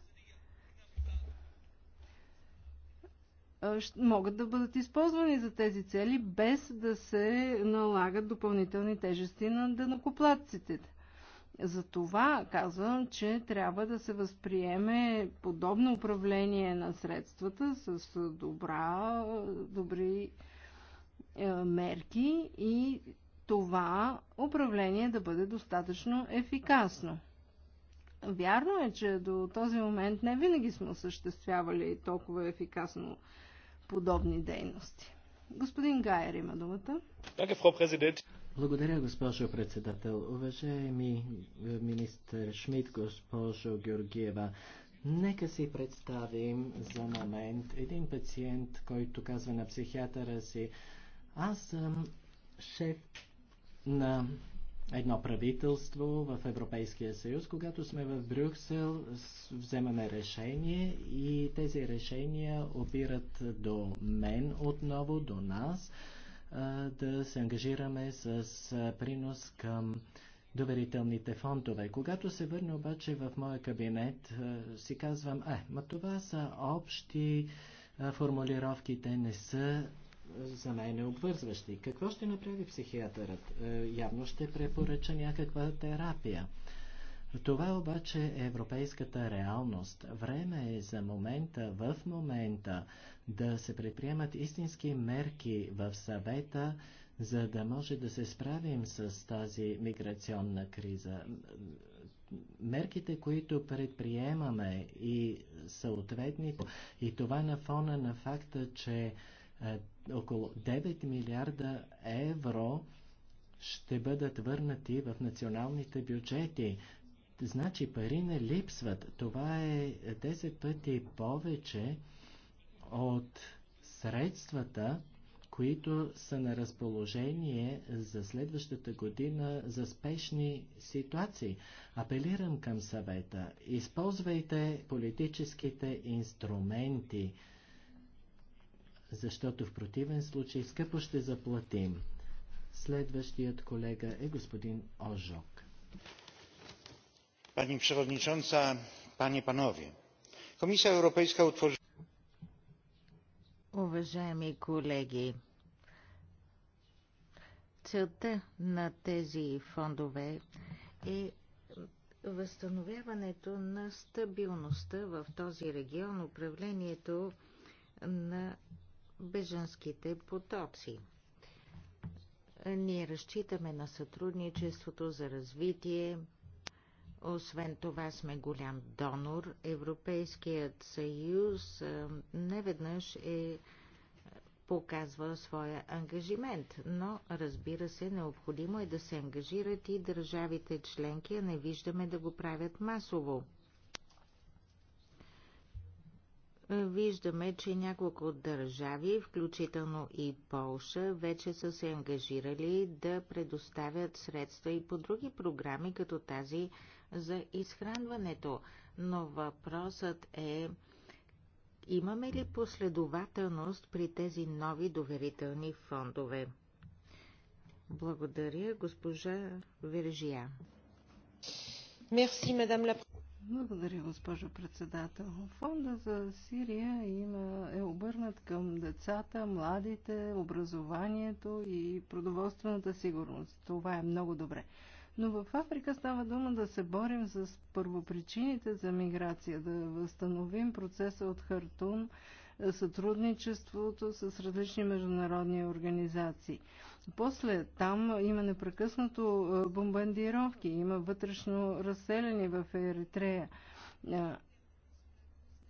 могат да бъдат използвани за тези цели, без да се налагат допълнителни тежести на дънокоплатците. това казвам, че трябва да се възприеме подобно управление на средствата с добра, добри мерки и това управление да бъде достатъчно ефикасно. Вярно е, че до този момент не винаги сме осъществявали толкова ефикасно подобни дейности. Господин Гайер има думата. Благодаря, госпожо председател. Уважаеми е, министр Шмидт, госпожо Георгиева, нека си представим за момент един пациент, който казва на психиатъра си, аз съм шеф на едно правителство в Европейския съюз. Когато сме в Брюксел, вземаме решение и тези решения опират до мен отново, до нас, да се ангажираме с принос към доверителните фондове. Когато се върна обаче в моя кабинет, си казвам, е, ма това са общи формулировки, те не са за мен е обвързващи. Какво ще направи психиатърът? Е, явно ще препоръча някаква терапия. Това обаче е европейската реалност. Време е за момента, в момента, да се предприемат истински мерки в съвета, за да може да се справим с тази миграционна криза. Мерките, които предприемаме и съответните, и това на фона на факта, че е, около 9 милиарда евро ще бъдат върнати в националните бюджети. Значи пари не липсват. Това е 10 пъти повече от средствата, които са на разположение за следващата година за спешни ситуации. Апелирам към съвета. Използвайте политическите инструменти защото в противен случай скъпо ще заплатим. Следващият колега е господин Ожок. Пани przewodnicząca, panie panowie. Комисия европейска utworzyła Уважаеми колеги, целта на тези фондове е възстановяването на стабилността в този регион, управлението на бежанските потоци. Ние разчитаме на сътрудничеството за развитие. Освен това сме голям донор. Европейският съюз неведнъж е показва своя ангажимент, но разбира се, необходимо е да се ангажират и държавите членки, а не виждаме да го правят масово виждаме, че няколко държави, включително и Полша, вече са се ангажирали да предоставят средства и по други програми, като тази за изхранването. Но въпросът е, имаме ли последователност при тези нови доверителни фондове? Благодаря, госпожа Вержия. Мерси, мадам Лапрес. Благодаря, госпожо председател. Фонда за Сирия има, е обърнат към децата, младите, образованието и продоволствената сигурност. Това е много добре. Но в Африка става дума да се борим с първопричините за миграция, да възстановим процеса от Хартун, сътрудничеството с различни международни организации. После там има непрекъснато бомбардировки, има вътрешно разселени в Еритрея.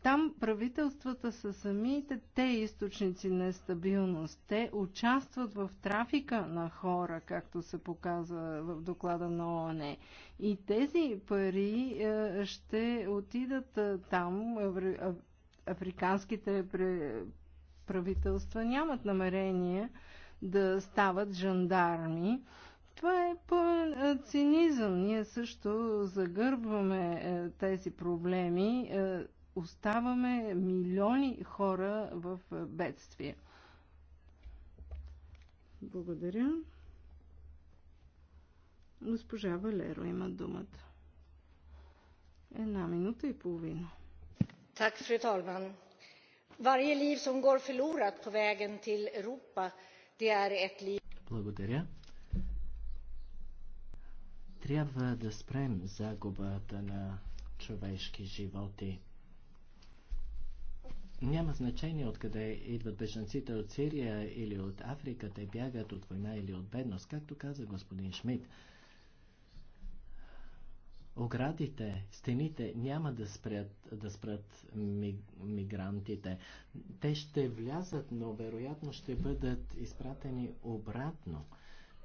Там правителствата са самите те източници на стабилност. Те участват в трафика на хора, както се показва в доклада на ООН. И тези пари ще отидат там. Африканските правителства нямат намерение да стават жандарми. Това е пълен цинизъм. Ние също загърбваме е, тези проблеми. Е, оставаме милиони хора в е, бедствие. Благодаря. Госпожа Валеро има думата. Една минута и половина. Tack, fru talman. Varje liv som går förlorat på vägen till Europa Er Благодаря. Трябва да спрем загубата на човешки животи. Няма значение откъде идват бежанците от Сирия или от Африка, те бягат от война или от бедност, както каза господин Шмидт оградите, стените няма да спрят, да спрат ми, мигрантите. Те ще влязат, но вероятно ще бъдат изпратени обратно.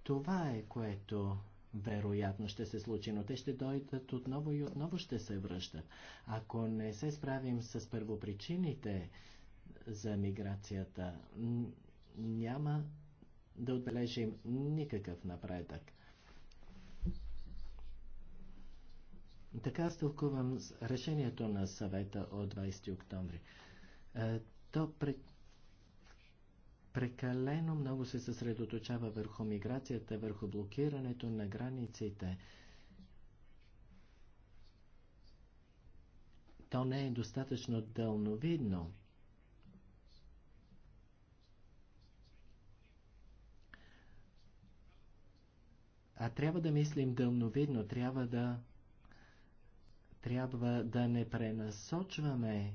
Това е което вероятно ще се случи, но те ще дойдат отново и отново ще се връщат. Ако не се справим с първопричините за миграцията, няма да отбележим никакъв напредък. Така аз тълкувам решението на съвета от 20 октомври. Е, то прекалено много се съсредоточава върху миграцията, върху блокирането на границите. То не е достатъчно дълновидно. А трябва да мислим дълновидно, трябва да трябва да не пренасочваме е,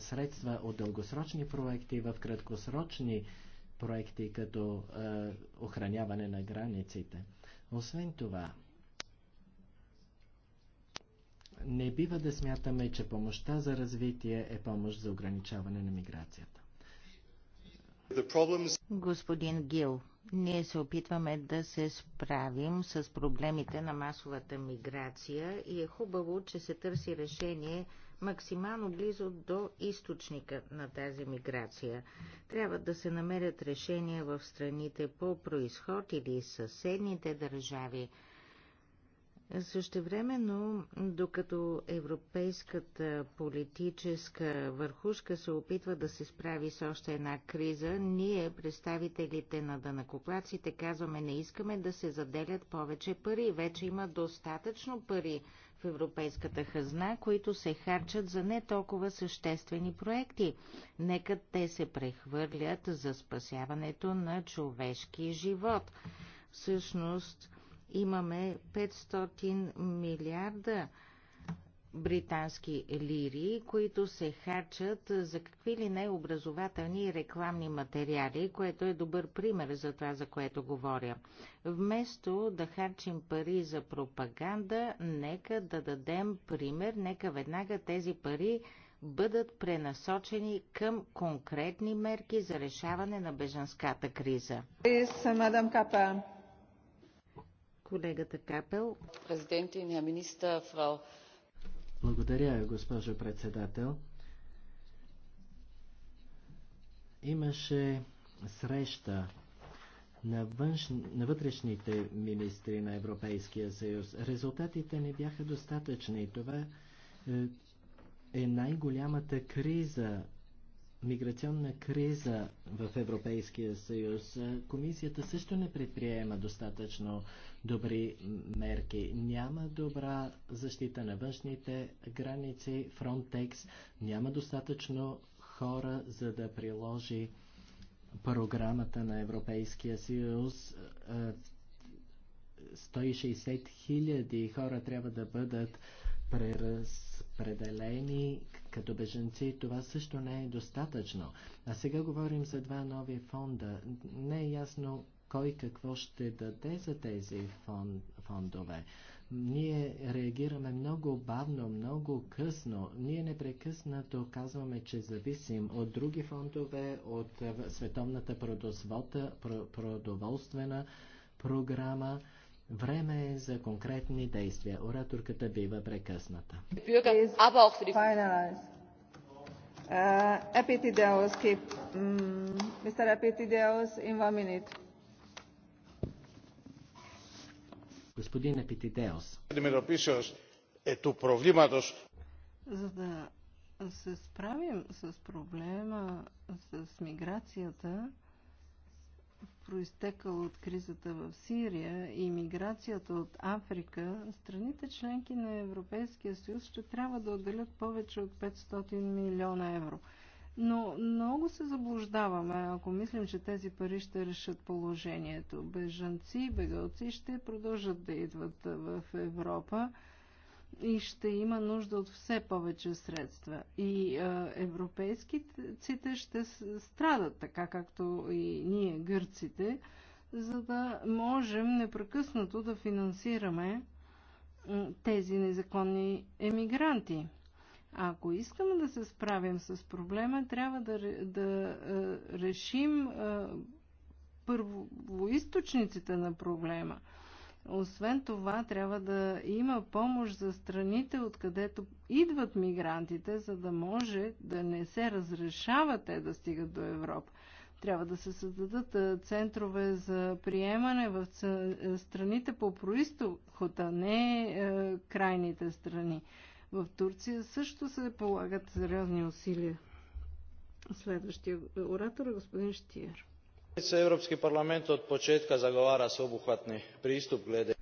средства от дългосрочни проекти в краткосрочни проекти като е, охраняване на границите. Освен това, не бива да смятаме, че помощта за развитие е помощ за ограничаване на миграцията. Господин Гил, ние се опитваме да се справим с проблемите на масовата миграция и е хубаво, че се търси решение максимално близо до източника на тази миграция. Трябва да се намерят решения в страните по происход или съседните държави – Същевременно, докато европейската политическа върхушка се опитва да се справи с още една криза, ние, представителите на данакоплаците, казваме не искаме да се заделят повече пари. Вече има достатъчно пари в европейската хазна, които се харчат за не толкова съществени проекти. Нека те се прехвърлят за спасяването на човешки живот. Всъщност, имаме 500 милиарда британски лири, които се харчат за какви ли не образователни и рекламни материали, което е добър пример за това, за което говоря. Вместо да харчим пари за пропаганда, нека да дадем пример, нека веднага тези пари бъдат пренасочени към конкретни мерки за решаване на бежанската криза. Колегата Капел. Благодаря, госпожо председател. Имаше среща на, външ... на вътрешните министри на Европейския съюз. Резултатите не бяха достатъчни. Това е, е най-голямата криза миграционна криза в Европейския съюз, комисията също не предприема достатъчно добри мерки. Няма добра защита на външните граници, Frontex няма достатъчно хора, за да приложи програмата на Европейския съюз. 160 е, хиляди хора трябва да бъдат преразпределени като беженци, това също не е достатъчно. А сега говорим за два нови фонда. Не е ясно кой какво ще даде за тези фон, фондове. Ние реагираме много бавно, много късно. Ние непрекъснато казваме, че зависим от други фондове, от Световната продоволствена програма. Време е за конкретни действия. Ораторката бива прекъсната. Uh, mm, Господин Епитидеос. За да се справим с проблема с миграцията, Произтекала от кризата в Сирия и миграцията от Африка, страните членки на Европейския съюз ще трябва да отделят повече от 500 милиона евро. Но много се заблуждаваме, ако мислим, че тези пари ще решат положението. Бежанци и бегалци ще продължат да идват в Европа и ще има нужда от все повече средства. И а, европейските ще страдат, така както и ние, гърците, за да можем непрекъснато да финансираме тези незаконни емигранти. А ако искаме да се справим с проблема, трябва да, да решим първоисточниците на проблема – освен това, трябва да има помощ за страните, откъдето идват мигрантите, за да може да не се разрешава те да стигат до Европа. Трябва да се създадат центрове за приемане в страните по проистоход, а не крайните страни. В Турция също се полагат сериозни усилия. Следващия оратор е господин Штиер. Европски парламент от почетка заговара съобхватни приступ гледе.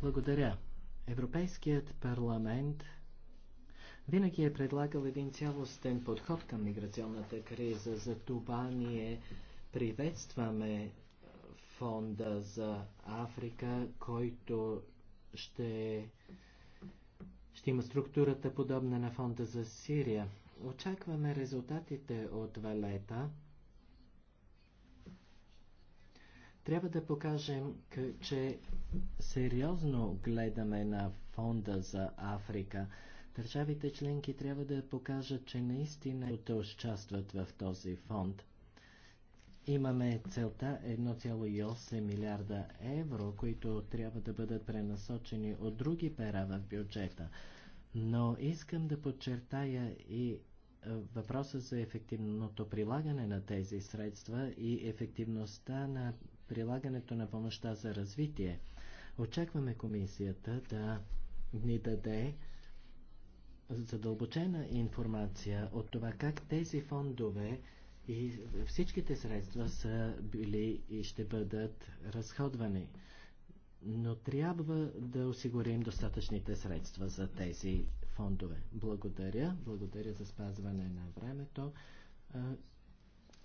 Благодаря. Европейският парламент винаги е предлагал един цялостен подход към миграционната криза. За това ние приветстваме фонда за Африка, който ще, ще има структурата подобна на фонда за Сирия. Очакваме резултатите от Валета. Трябва да покажем, че сериозно гледаме на фонда за Африка. Държавите членки трябва да покажат, че наистина те участват в този фонд. Имаме целта 1,8 милиарда евро, които трябва да бъдат пренасочени от други пера в бюджета. Но искам да подчертая и е, въпроса за ефективното прилагане на тези средства и ефективността на прилагането на помощта за развитие. Очакваме комисията да ни даде задълбочена информация от това как тези фондове и всичките средства са били и ще бъдат разходвани. Но трябва да осигурим достатъчните средства за тези фондове. Благодаря. Благодаря за спазване на времето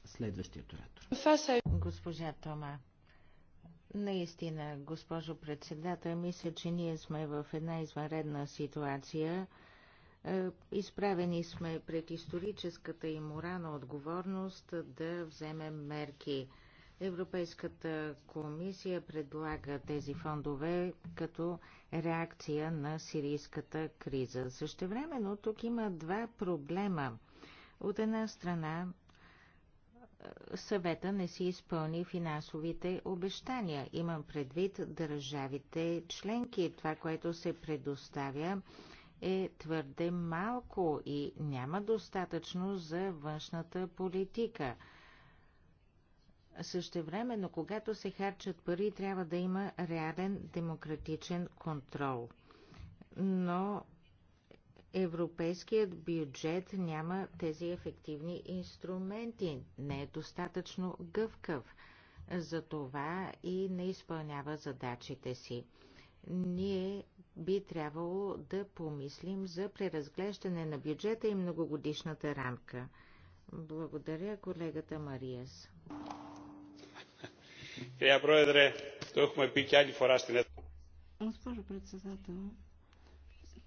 следващият оратор. Госпожа Тома, наистина, госпожо председател, мисля, че ние сме в една извънредна ситуация. Е, изправени сме пред историческата и морална отговорност да вземем мерки. Европейската комисия предлага тези фондове като реакция на сирийската криза. Същевременно тук има два проблема. От една страна съвета не си изпълни финансовите обещания. Имам предвид държавите членки. Това, което се предоставя е твърде малко и няма достатъчно за външната политика. Същевременно, когато се харчат пари, трябва да има реален демократичен контрол. Но Европейският бюджет няма тези ефективни инструменти, не е достатъчно гъвкав, затова и не изпълнява задачите си. Ние би трябвало да помислим за преразглеждане на бюджета и многогодишната рамка. Благодаря колегата Мариас. Е Госпожо председател,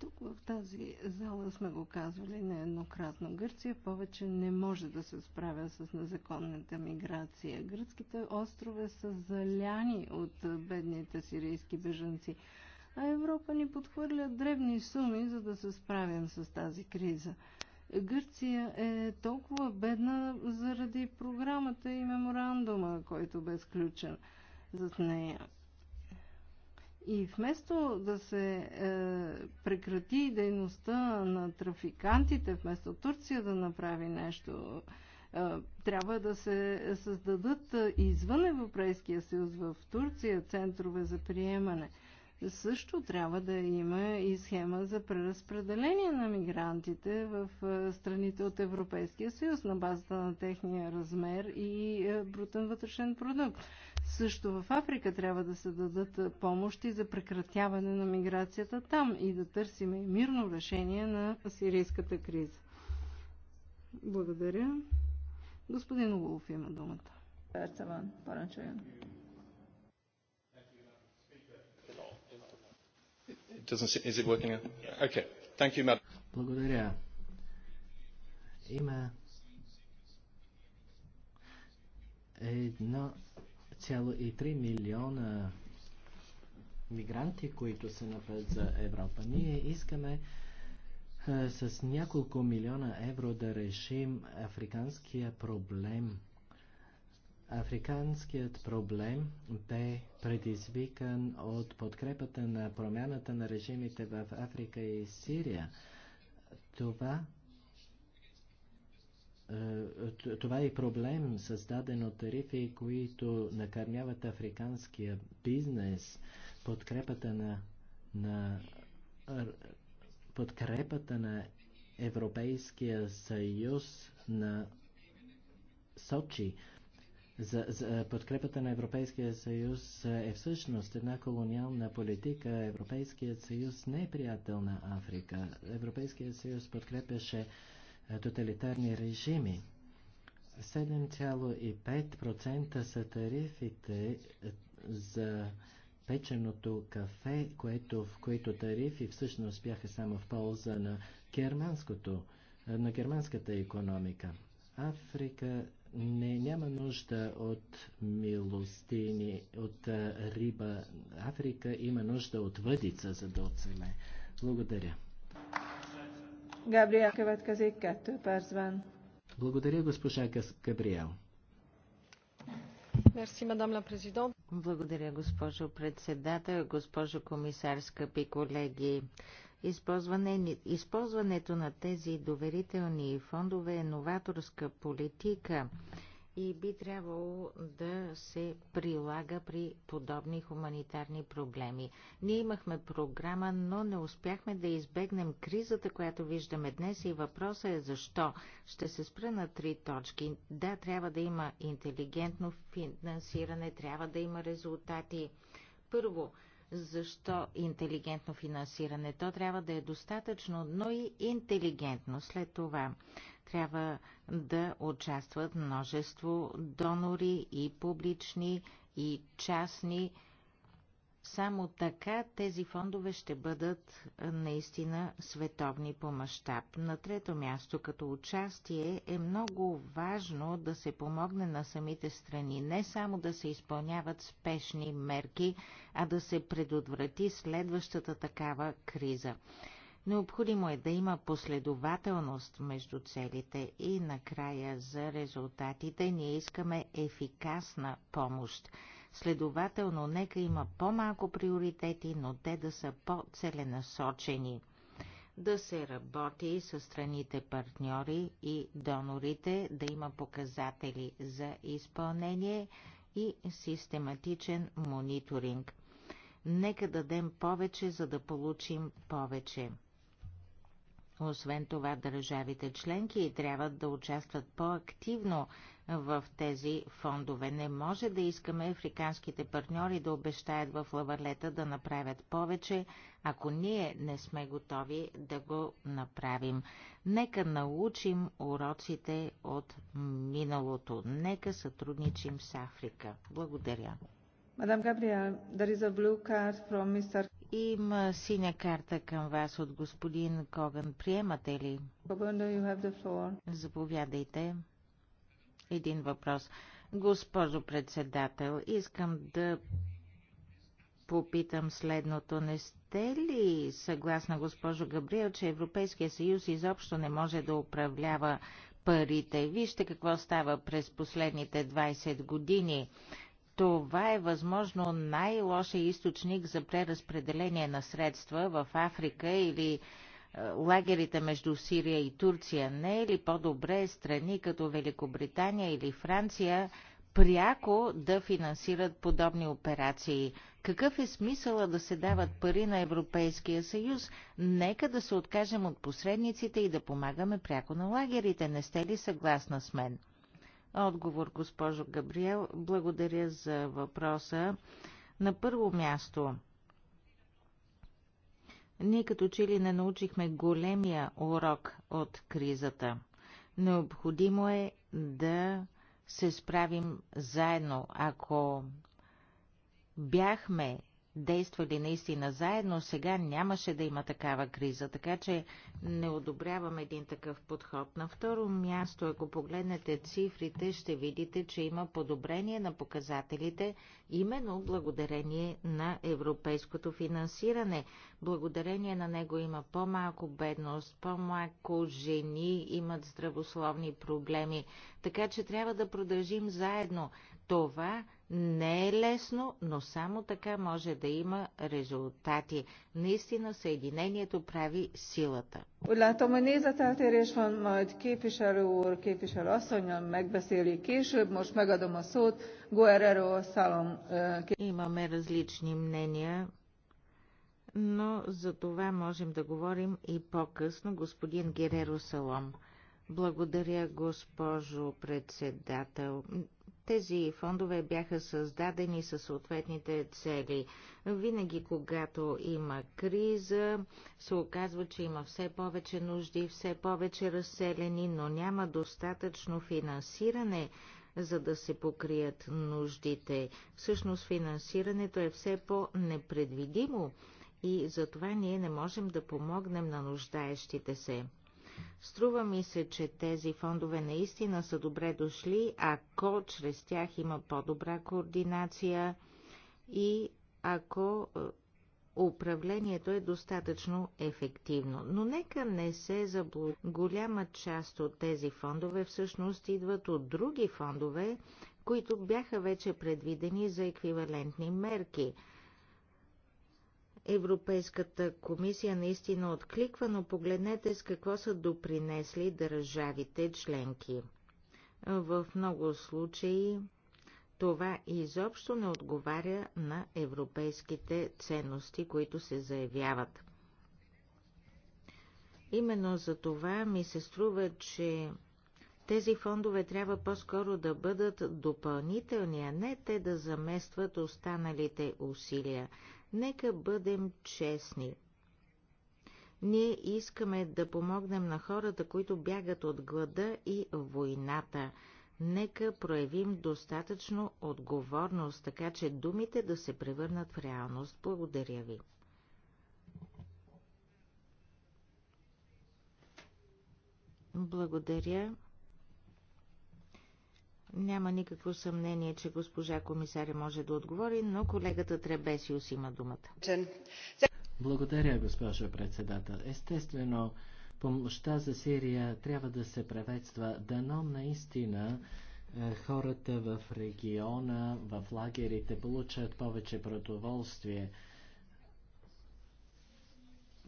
тук в тази зала сме го казвали нееднократно. Гърция повече не може да се справя с незаконната миграция. Гръцките острове са заляни от бедните сирийски бежанци. А Европа ни подхвърля дребни суми, за да се справим с тази криза. Гърция е толкова бедна заради програмата и меморандума, който бе сключен с нея. И вместо да се е, прекрати дейността на трафикантите, вместо Турция да направи нещо, е, трябва да се създадат е, извън Европейския съюз в Турция центрове за приемане. Също трябва да има и схема за преразпределение на мигрантите в е, страните от Европейския съюз на базата на техния размер и е, брутен вътрешен продукт. Също в Африка трябва да се дадат помощи за прекратяване на миграцията там и да търсим мирно решение на сирийската криза. Благодаря. Господин Улов има думата. Благодаря. Има едно 1,3 милиона мигранти, които са на път за Европа. Ние искаме а, с няколко милиона евро да решим африканския проблем. Африканският проблем бе предизвикан от подкрепата на промяната на режимите в Африка и Сирия. Това е, е, това е проблем, създаден от тарифи, които накърняват африканския бизнес, подкрепата на, на, подкрепата на Европейския съюз на Сочи. За, за подкрепата на Европейския съюз е всъщност една колониална политика. Европейският съюз не е приятел на Африка. Европейският съюз подкрепяше тоталитарни режими. 7,5% са тарифите е, за печеното кафе, което, в които тарифи всъщност бяха само в полза на, германското, е, на германската економика. Африка не, няма нужда от милостини, от е, риба. Африка има нужда от въдица, за да оцеле. Благодаря. Габриел következik kettő percben. Благодаря, госпожа Габриел. Мерси, мадам ла президент. Благодаря, госпожо председател, госпожо комисар, скъпи колеги. Използване, използването на тези доверителни фондове е новаторска политика и би трябвало да се прилага при подобни хуманитарни проблеми. Ние имахме програма, но не успяхме да избегнем кризата, която виждаме днес и въпросът е защо. Ще се спра на три точки. Да, трябва да има интелигентно финансиране, трябва да има резултати. Първо, защо интелигентно финансиране? То трябва да е достатъчно, но и интелигентно. След това трябва да участват множество донори и публични, и частни. Само така тези фондове ще бъдат наистина световни по мащаб. На трето място, като участие, е много важно да се помогне на самите страни, не само да се изпълняват спешни мерки, а да се предотврати следващата такава криза. Необходимо е да има последователност между целите и накрая за резултатите ние искаме ефикасна помощ. Следователно, нека има по-малко приоритети, но те да са по-целенасочени. Да се работи с страните партньори и донорите, да има показатели за изпълнение и систематичен мониторинг. Нека дадем повече, за да получим повече. Освен това, държавите членки трябва да участват по-активно в тези фондове. Не може да искаме африканските партньори да обещаят в лавалета да направят повече, ако ние не сме готови да го направим. Нека научим уроците от миналото. Нека сътрудничим с Африка. Благодаря. Мадам Габриел, there is a blue card from Mr. Има синя карта към вас от господин Коган. Приемате ли? Заповядайте. Един въпрос. Госпожо председател, искам да попитам следното. Не сте ли съгласна, госпожо Габриел, че Европейския съюз изобщо не може да управлява парите? Вижте какво става през последните 20 години. Това е възможно най-лошия източник за преразпределение на средства в Африка или е, лагерите между Сирия и Турция. Не е по-добре страни като Великобритания или Франция пряко да финансират подобни операции. Какъв е смисъла да се дават пари на Европейския съюз? Нека да се откажем от посредниците и да помагаме пряко на лагерите. Не сте ли съгласна с мен? Отговор, госпожо Габриел. Благодаря за въпроса. На първо място, ние като че ли не научихме големия урок от кризата. Необходимо е да се справим заедно. Ако бяхме действали наистина заедно, сега нямаше да има такава криза, така че не одобрявам един такъв подход. На второ място, ако погледнете цифрите, ще видите, че има подобрение на показателите, именно благодарение на европейското финансиране. Благодарение на него има по-малко бедност, по-малко жени имат здравословни проблеми, така че трябва да продължим заедно. Това не е лесно, но само така може да има резултати. Наистина съединението прави силата. Látom, hogy nézeteltérés van, majd képviselő úr, képviselő asszonyon megbeszéli később. Most megadom a szót. Guerrero Имаме различни мнения, но за това можем да говорим и по-късно, господин Гереро Салом. Благодаря, госпожо председател. Тези фондове бяха създадени със съответните цели. Винаги, когато има криза, се оказва, че има все повече нужди, все повече разселени, но няма достатъчно финансиране за да се покрият нуждите. Всъщност финансирането е все по-непредвидимо и затова ние не можем да помогнем на нуждаещите се. Струва ми се, че тези фондове наистина са добре дошли, ако чрез тях има по-добра координация и ако е, управлението е достатъчно ефективно. Но нека не се заблуд. Голяма част от тези фондове всъщност идват от други фондове, които бяха вече предвидени за еквивалентни мерки – Европейската комисия наистина откликва, но погледнете с какво са допринесли държавите членки. В много случаи това изобщо не отговаря на европейските ценности, които се заявяват. Именно за това ми се струва, че тези фондове трябва по-скоро да бъдат допълнителни, а не те да заместват останалите усилия. Нека бъдем честни. Ние искаме да помогнем на хората, които бягат от глада и войната. Нека проявим достатъчно отговорност, така че думите да се превърнат в реалност. Благодаря ви. Благодаря. Няма никакво съмнение, че госпожа комисаря може да отговори, но колегата Требесиус има думата. Благодаря, госпожо председател. Естествено, помощта за Сирия трябва да се приветства. Дано наистина е, хората в региона, в лагерите получат повече продоволствие.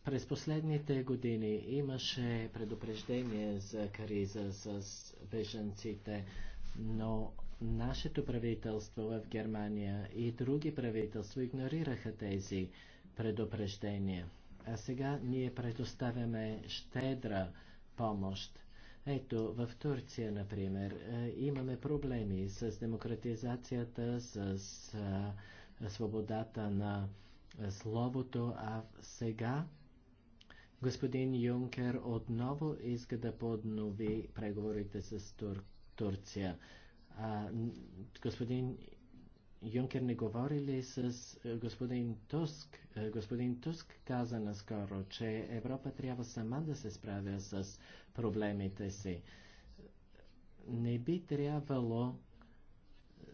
През последните години имаше предупреждение за криза с беженците но нашето правителство в Германия и други правителства игнорираха тези предупреждения. А сега ние предоставяме щедра помощ. Ето, в Турция, например, е, имаме проблеми с демократизацията, с е, свободата на словото, а сега господин Юнкер отново иска да поднови преговорите с Турк Турция. А, господин Юнкер не говори ли с господин Туск? Господин Туск каза наскоро, че Европа трябва сама да се справя с проблемите си. Не би трябвало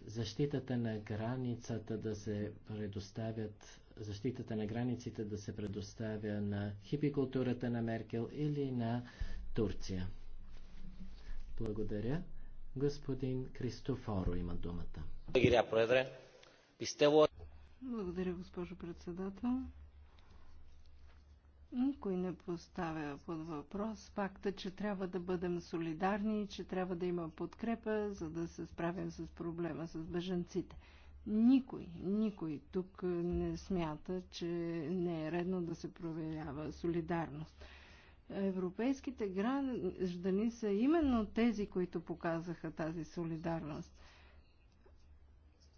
защитата на границата да се предоставят защитата на границите да се предоставя на хипикултурата на Меркел или на Турция. Благодаря. Господин Кристофоро има думата. Благодаря, госпожо председател. Никой не поставя под въпрос факта, че трябва да бъдем солидарни и че трябва да има подкрепа, за да се справим с проблема с бежанците. Никой, никой тук не смята, че не е редно да се проверява солидарност. Европейските граждани са именно тези, които показаха тази солидарност.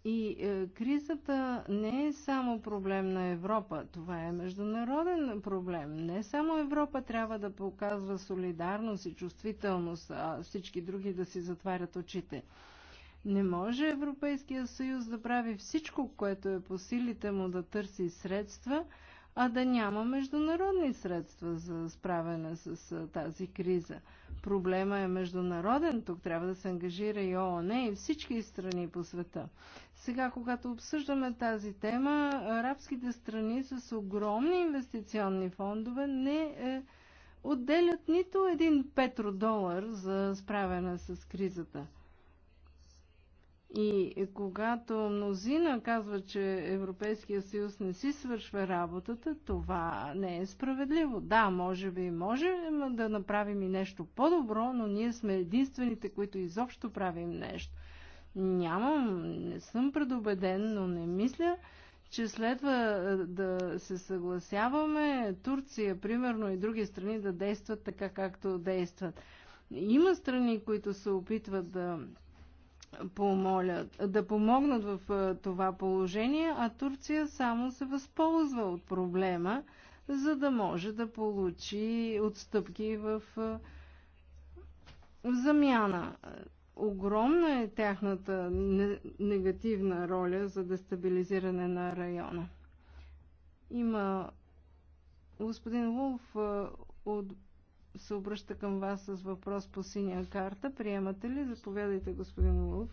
И е, кризата не е само проблем на Европа, това е международен проблем. Не само Европа трябва да показва солидарност и чувствителност, а всички други да си затварят очите. Не може Европейския съюз да прави всичко, което е по силите му да търси средства, а да няма международни средства за справяне с тази криза. Проблема е международен, тук трябва да се ангажира и ООН и всички страни по света. Сега, когато обсъждаме тази тема, арабските страни с огромни инвестиционни фондове не е, отделят нито един петродолар за справяне с кризата – и когато мнозина казва, че Европейския съюз не си свършва работата, това не е справедливо. Да, може би можем да направим и нещо по-добро, но ние сме единствените, които изобщо правим нещо. Нямам, не съм предубеден, но не мисля, че следва е, да се съгласяваме Турция, примерно, и други страни да действат така, както действат. Има страни, които се опитват да помолят, да помогнат в това положение, а Турция само се възползва от проблема, за да може да получи отстъпки в замяна. Огромна е тяхната негативна роля за дестабилизиране на района. Има господин Вулф от се обръща към вас с въпрос по синя карта. Приемате ли? Заповядайте, господин Лов.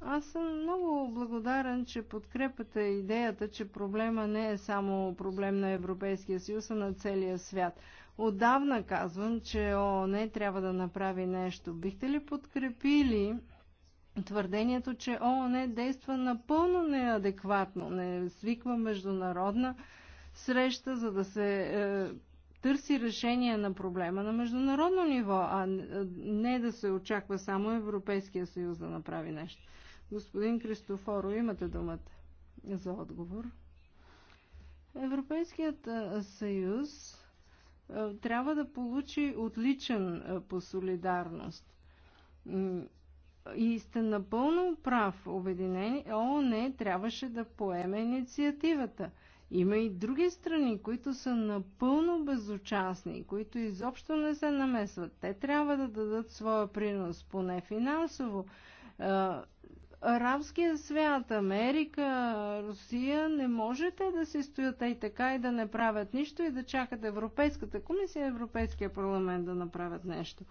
Аз съм много благодарен, че подкрепата идеята, че проблема не е само проблем на Европейския съюз, а на целия свят. Отдавна казвам, че ООН трябва да направи нещо. Бихте ли подкрепили твърдението, че ООН действа напълно неадекватно, не свиква международна среща, за да се е, търси решение на проблема на международно ниво, а не да се очаква само Европейския съюз да направи нещо. Господин Кристофоро, имате думата за отговор. Европейският съюз трябва да получи отличен по солидарност. И сте напълно прав. Обединени ООН е, трябваше да поеме инициативата – има и други страни, които са напълно безучастни, които изобщо не се намесват. Те трябва да дадат своя принос, поне финансово. Арабския свят, Америка, Русия, не можете да си стоят и така и да не правят нищо и да чакат Европейската комисия, Европейския парламент да направят нещо.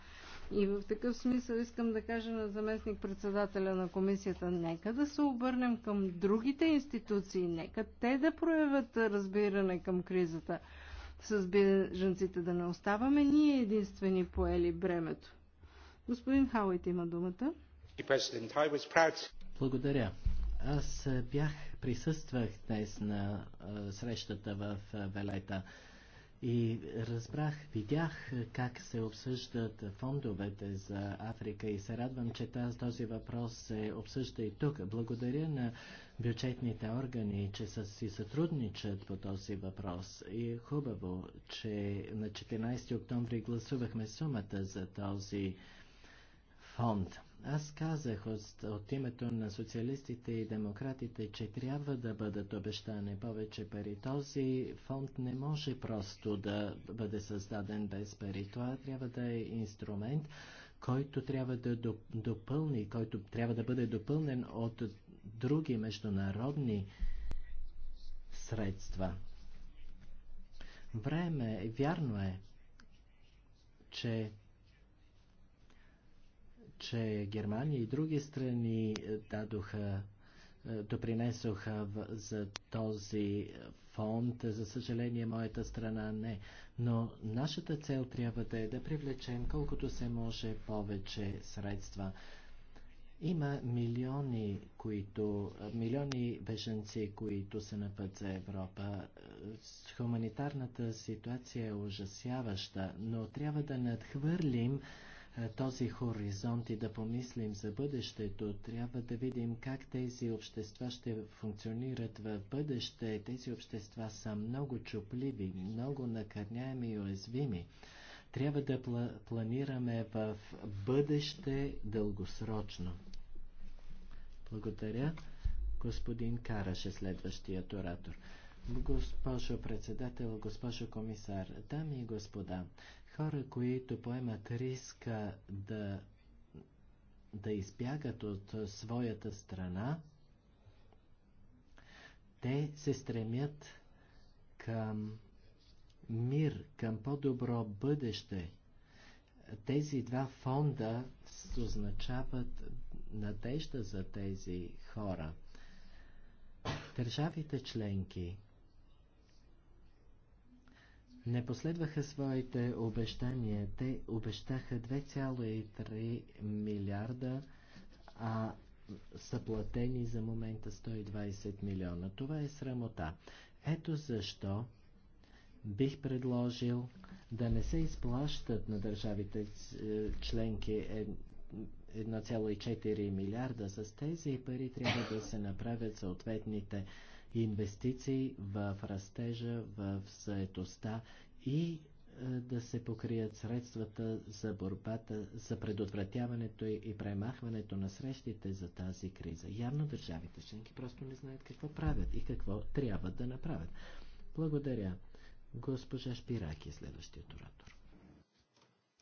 И в такъв смисъл искам да кажа на заместник председателя на комисията, нека да се обърнем към другите институции, нека те да проявят разбиране към кризата с беженците, да не оставаме ние единствени поели бремето. Господин Хауит има думата. Благодаря. Аз бях, присъствах днес на срещата в Велета. И разбрах, видях как се обсъждат фондовете за Африка и се радвам, че този въпрос се обсъжда и тук. Благодаря на бюджетните органи, че са си сътрудничат по този въпрос. И е хубаво, че на 14 октомври гласувахме сумата за този фонд. Аз казах от, от името на социалистите и демократите, че трябва да бъдат обещани повече пари. Този фонд не може просто да бъде създаден без пари. Това трябва да е инструмент, който трябва да допълни, който трябва да бъде допълнен от други международни средства. Време, вярно е, че че Германия и други страни е, дадоха е, допринесоха за този фонд. За съжаление, моята страна не. Но нашата цел трябва да е да привлечем колкото се може повече средства. Има милиони, които, милиони беженци, които са на път за Европа. Е, хуманитарната ситуация е ужасяваща, но трябва да надхвърлим е, този хоризонт и да помислим за бъдещето. Трябва да видим как тези общества ще функционират в бъдеще. Тези общества са много чупливи, много накърняеми и уязвими. Трябва да пла планираме в бъдеще дългосрочно. Благодаря. Господин Караш е следващият оратор. Госпожо председател, госпожо комисар, дами и господа, хора, които поемат риска да, да избягат от своята страна, те се стремят към мир, към по-добро бъдеще. Тези два фонда означават надежда за тези хора. Държавите членки не последваха своите обещания. Те обещаха 2,3 милиарда, а са платени за момента 120 милиона. Това е срамота. Ето защо бих предложил да не се изплащат на държавите е, членки 1,4 е, милиарда. С тези пари трябва да се направят съответните инвестиции в растежа, в заедостта и е, да се покрият средствата за борбата, за предотвратяването и премахването на срещите за тази криза. Явно държавите членки просто не знаят какво правят и какво трябва да направят. Благодаря. Госпожа Шпираки е следващият оратор.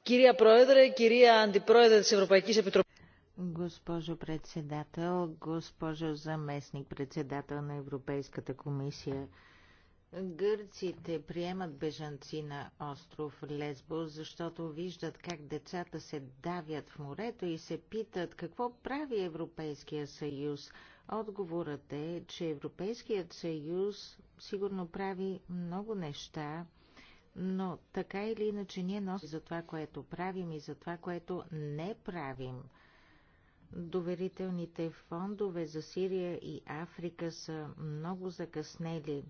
Кирия Πρόεδρε, кирия Αντιπρόεδρε της Ευρωπαϊκής Госпожо председател, госпожо заместник председател на Европейската комисия, гърците приемат бежанци на остров Лесбо, защото виждат как децата се давят в морето и се питат какво прави Европейския съюз. Отговорът е, че Европейският съюз сигурно прави много неща, но така или иначе ние носим за това, което правим и за това, което не правим – Доверителните фондове за Сирия и Африка са много закъснели.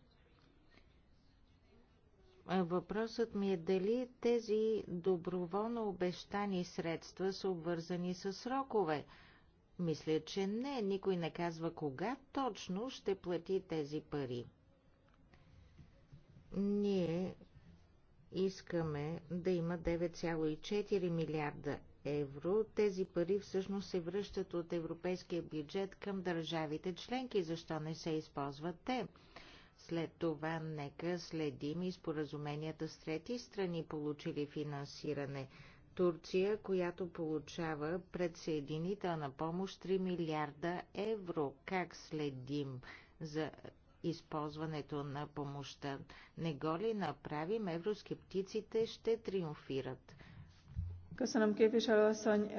Въпросът ми е дали тези доброволно обещани средства са обвързани с срокове. Мисля, че не. Никой не казва кога точно ще плати тези пари. Ние искаме да има 9,4 милиарда евро. Тези пари всъщност се връщат от европейския бюджет към държавите членки. Защо не се използват те? След това нека следим и споразуменията с трети страни, получили финансиране. Турция, която получава предсъединителна помощ 3 милиарда евро. Как следим за използването на помощта? Не го ли направим, евроскептиците ще триумфират. Köszönöm, képviselő asszony.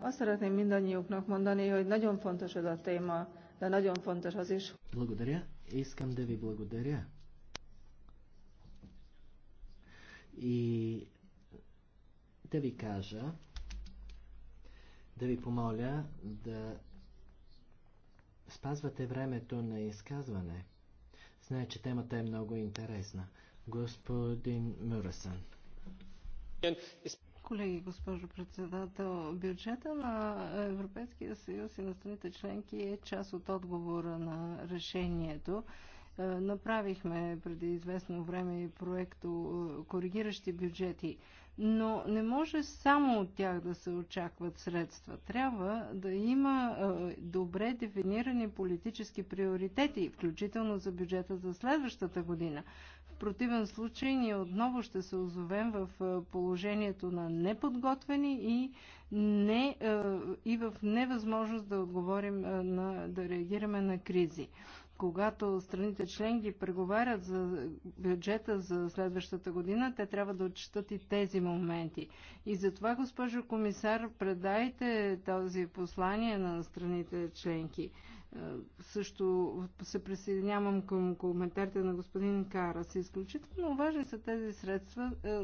Azt szeretném mindannyiuknak mondani, hogy nagyon fontos ez a téma, de nagyon fontos az is. Благодаря. Искам да ви благодаря. И да ви кажа, да ви помоля да спазвате времето на изказване. Знае, че темата е много интересна. Господин Мюресън. Колеги, госпожо председател, бюджета на Европейския съюз и на страните членки е част от отговора на решението. Е, направихме преди известно време и проекто е, коригиращи бюджети, но не може само от тях да се очакват средства. Трябва да има е, добре дефинирани политически приоритети, включително за бюджета за следващата година противен случай ние отново ще се озовем в положението на неподготвени и, не, и в невъзможност да отговорим на, да реагираме на кризи. Когато страните членки преговарят за бюджета за следващата година, те трябва да отчитат и тези моменти. И затова, госпожо комисар, предайте този послание на страните членки е, също се присъединявам към коментарите на господин Карас. Изключително важни са тези средства е,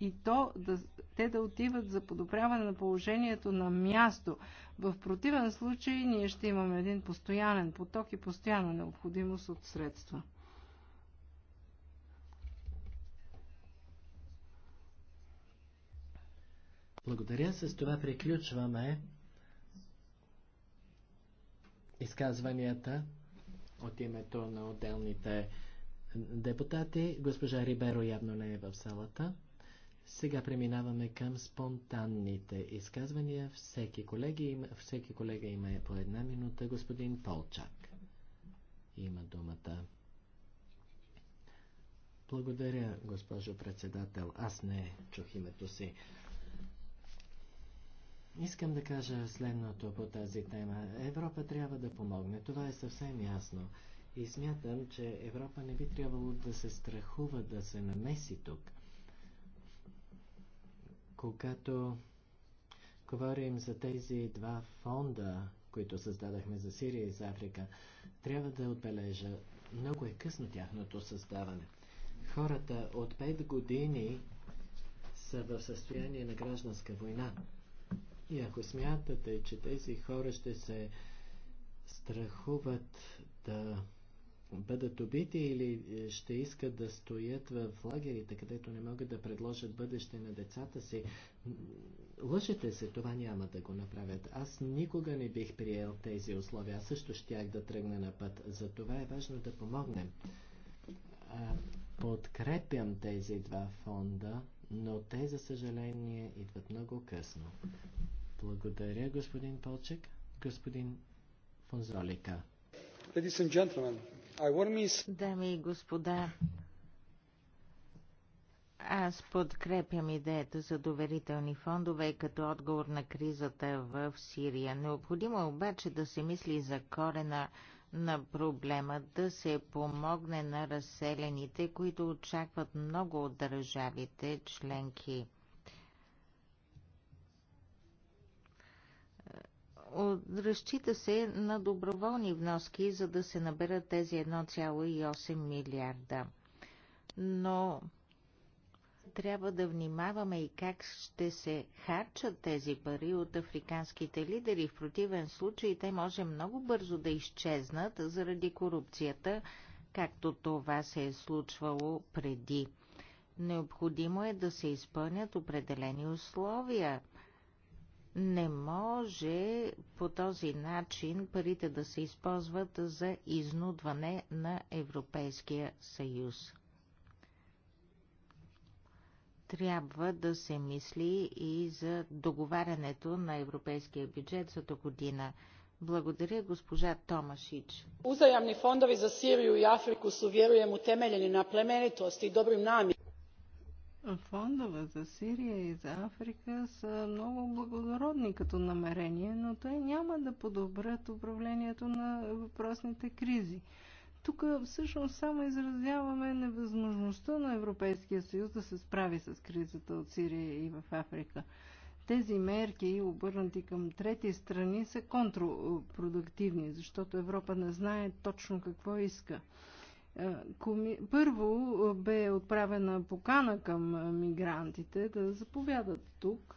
и то да, те да отиват за подобряване на положението на място. В противен случай ние ще имаме един постоянен поток и постоянна необходимост от средства. Благодаря. С това приключваме изказванията от името на отделните депутати. Госпожа Риберо явно не е в салата. Сега преминаваме към спонтанните изказвания. Всеки, колеги, всеки колега има е по една минута. Господин Полчак има думата. Благодаря, госпожо председател. Аз не чух името си. Искам да кажа следното по тази тема. Европа трябва да помогне. Това е съвсем ясно. И смятам, че Европа не би трябвало да се страхува да се намеси тук. Когато говорим за тези два фонда, които създадахме за Сирия и за Африка, трябва да отбележа, много е късно тяхното създаване. Хората от 5 години са в състояние на гражданска война. И ако смятате, че тези хора ще се страхуват да бъдат убити или ще искат да стоят в лагерите, където не могат да предложат бъдеще на децата си, лъжете се, това няма да го направят. Аз никога не бих приел тези условия, аз също щях да тръгна на път. За това е важно да помогнем. Подкрепям тези два фонда, но те, за съжаление, идват много късно. Благодаря, господин Полчек. Господин Фонзолика. Дами и господа, аз подкрепям идеята за доверителни фондове като отговор на кризата в Сирия. Необходимо е обаче да се мисли за корена на проблема, да се помогне на разселените, които очакват много от държавите членки. Разчита се на доброволни вноски, за да се наберат тези 1,8 милиарда. Но трябва да внимаваме и как ще се харчат тези пари от африканските лидери. В противен случай те може много бързо да изчезнат заради корупцията, както това се е случвало преди. Необходимо е да се изпълнят определени условия – не може по този начин парите да се използват за изнудване на Европейския съюз. Трябва да се мисли и за договарянето на европейския бюджет за до година. Благодаря госпожа Томашич. Узаемни фондови за Сирию и Африку са, vjerujem, utemeljeni na plemenitosti i dobrim фондове за Сирия и за Африка са много благородни като намерение, но те няма да подобрят управлението на въпросните кризи. Тук всъщност само изразяваме невъзможността на Европейския съюз да се справи с кризата от Сирия и в Африка. Тези мерки, обърнати към трети страни, са контрпродуктивни, защото Европа не знае точно какво иска. Е, първо е, бе отправена покана към е, мигрантите да заповядат тук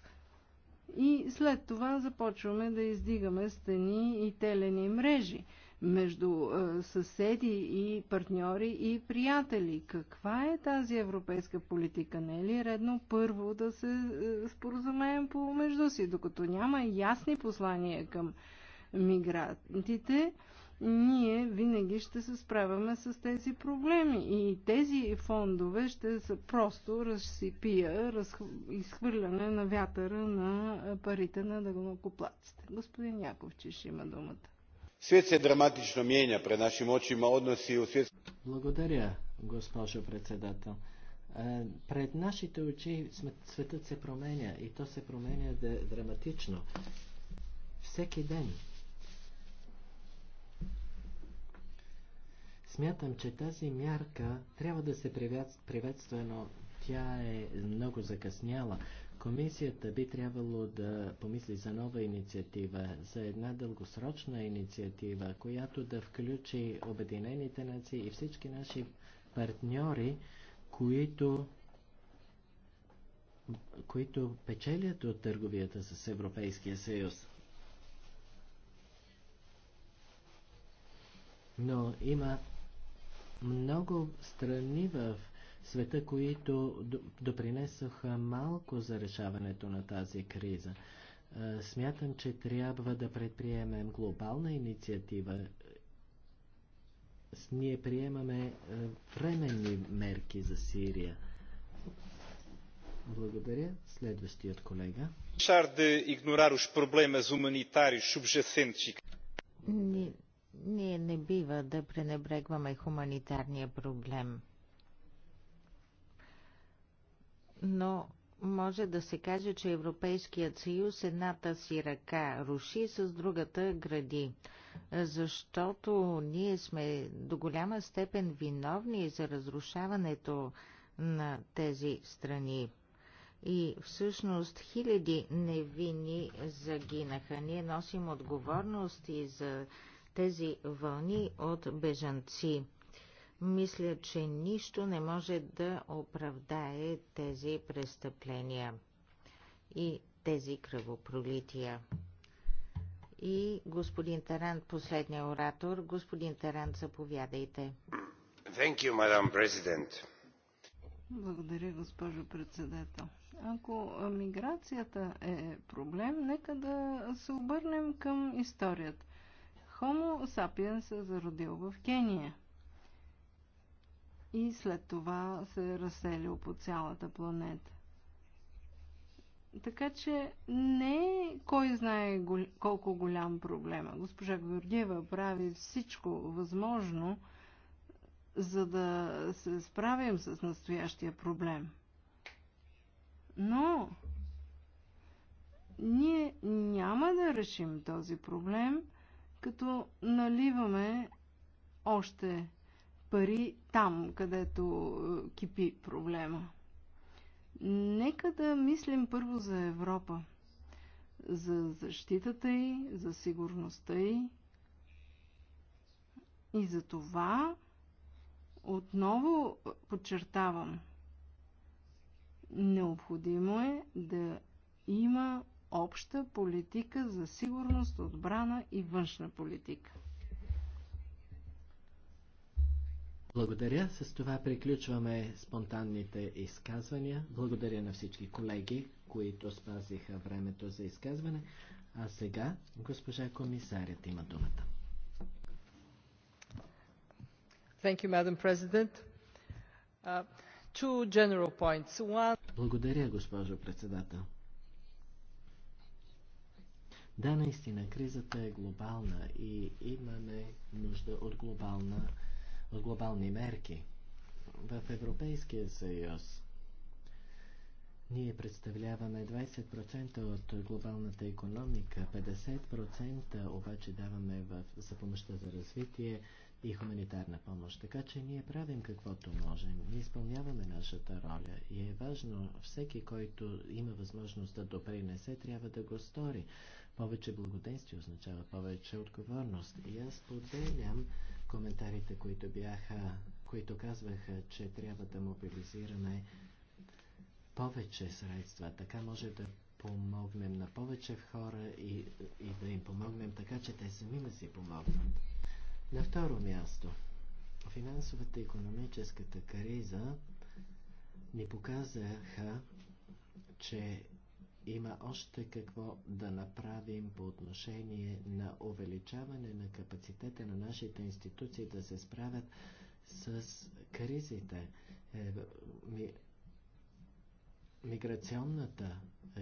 и след това започваме да издигаме стени и телени мрежи между съседи и партньори и приятели. Каква е тази европейска политика? Не е ли редно първо да се споразумеем помежду си, докато няма ясни послания към мигрантите? ние винаги ще се справяме с тези проблеми. И тези фондове ще са просто разсипия, разх... изхвърляне на вятъра на парите на дъгнокоплаците. Господин ще има думата. Свет се драматично мяня пред нашим очима odnosi и свет... Благодаря, госпожо председател. Е, пред нашите очи светът се променя и то се променя драматично. Всеки ден Смятам, че тази мярка трябва да се приветства, но тя е много закъсняла. Комисията би трябвало да помисли за нова инициатива, за една дългосрочна инициатива, която да включи Обединените нации и всички наши партньори, които, които печелят от търговията с Европейския съюз. Но има много страни в света, които допринесоха малко за решаването на тази криза. Е, смятам, че трябва да предприемем глобална инициатива. Ние приемаме е, временни мерки за Сирия. Благодаря. Следващият колега. Шар да ignorar проблема с humanitários subjacentes. Ние не бива да пренебрегваме хуманитарния проблем. Но може да се каже, че Европейският съюз едната си ръка руши, с другата гради. Защото ние сме до голяма степен виновни за разрушаването на тези страни. И всъщност хиляди невини загинаха. Ние носим отговорност и за тези вълни от бежанци. Мисля, че нищо не може да оправдае тези престъпления и тези кръвопролития. И господин Тарант, последния оратор. Господин Тарант, заповядайте. Thank you, madam president. Благодаря, госпожо председател. Ако миграцията е проблем, нека да се обърнем към историята. Homo sapiens се зародил в Кения и след това се е разселил по цялата планета. Така че не е кой знае гол... колко голям проблема. Госпожа Георгиева прави всичко възможно, за да се справим с настоящия проблем. Но ние няма да решим този проблем – като наливаме още пари там, където е, кипи проблема. Нека да мислим първо за Европа, за защитата й, за сигурността й и за това отново подчертавам, необходимо е да има обща политика за сигурност, отбрана и външна политика. Благодаря. С това приключваме спонтанните изказвания. Благодаря на всички колеги, които спазиха времето за изказване. А сега госпожа комисарят има думата. Thank you, Madam President. Uh, two general points. One... Благодаря, госпожо председател. Да, наистина, кризата е глобална и имаме нужда от, глобална, от глобални мерки. В Европейския съюз ние представляваме 20% от глобалната економика, 50% обаче даваме в, за помощта за развитие, и хуманитарна помощ. Така че ние правим каквото можем. Ние изпълняваме нашата роля и е важно всеки, който има възможност да допринесе, трябва да го стори. Повече благоденствие означава повече отговорност. И аз поделям коментарите, които бяха, които казваха, че трябва да мобилизираме повече средства. Така може да помогнем на повече хора и, и да им помогнем така, че те сами да си помогнат. На второ място, финансовата и економическата криза ни показаха, че има още какво да направим по отношение на увеличаване на капацитета на нашите институции да се справят с кризите. Е, миграционната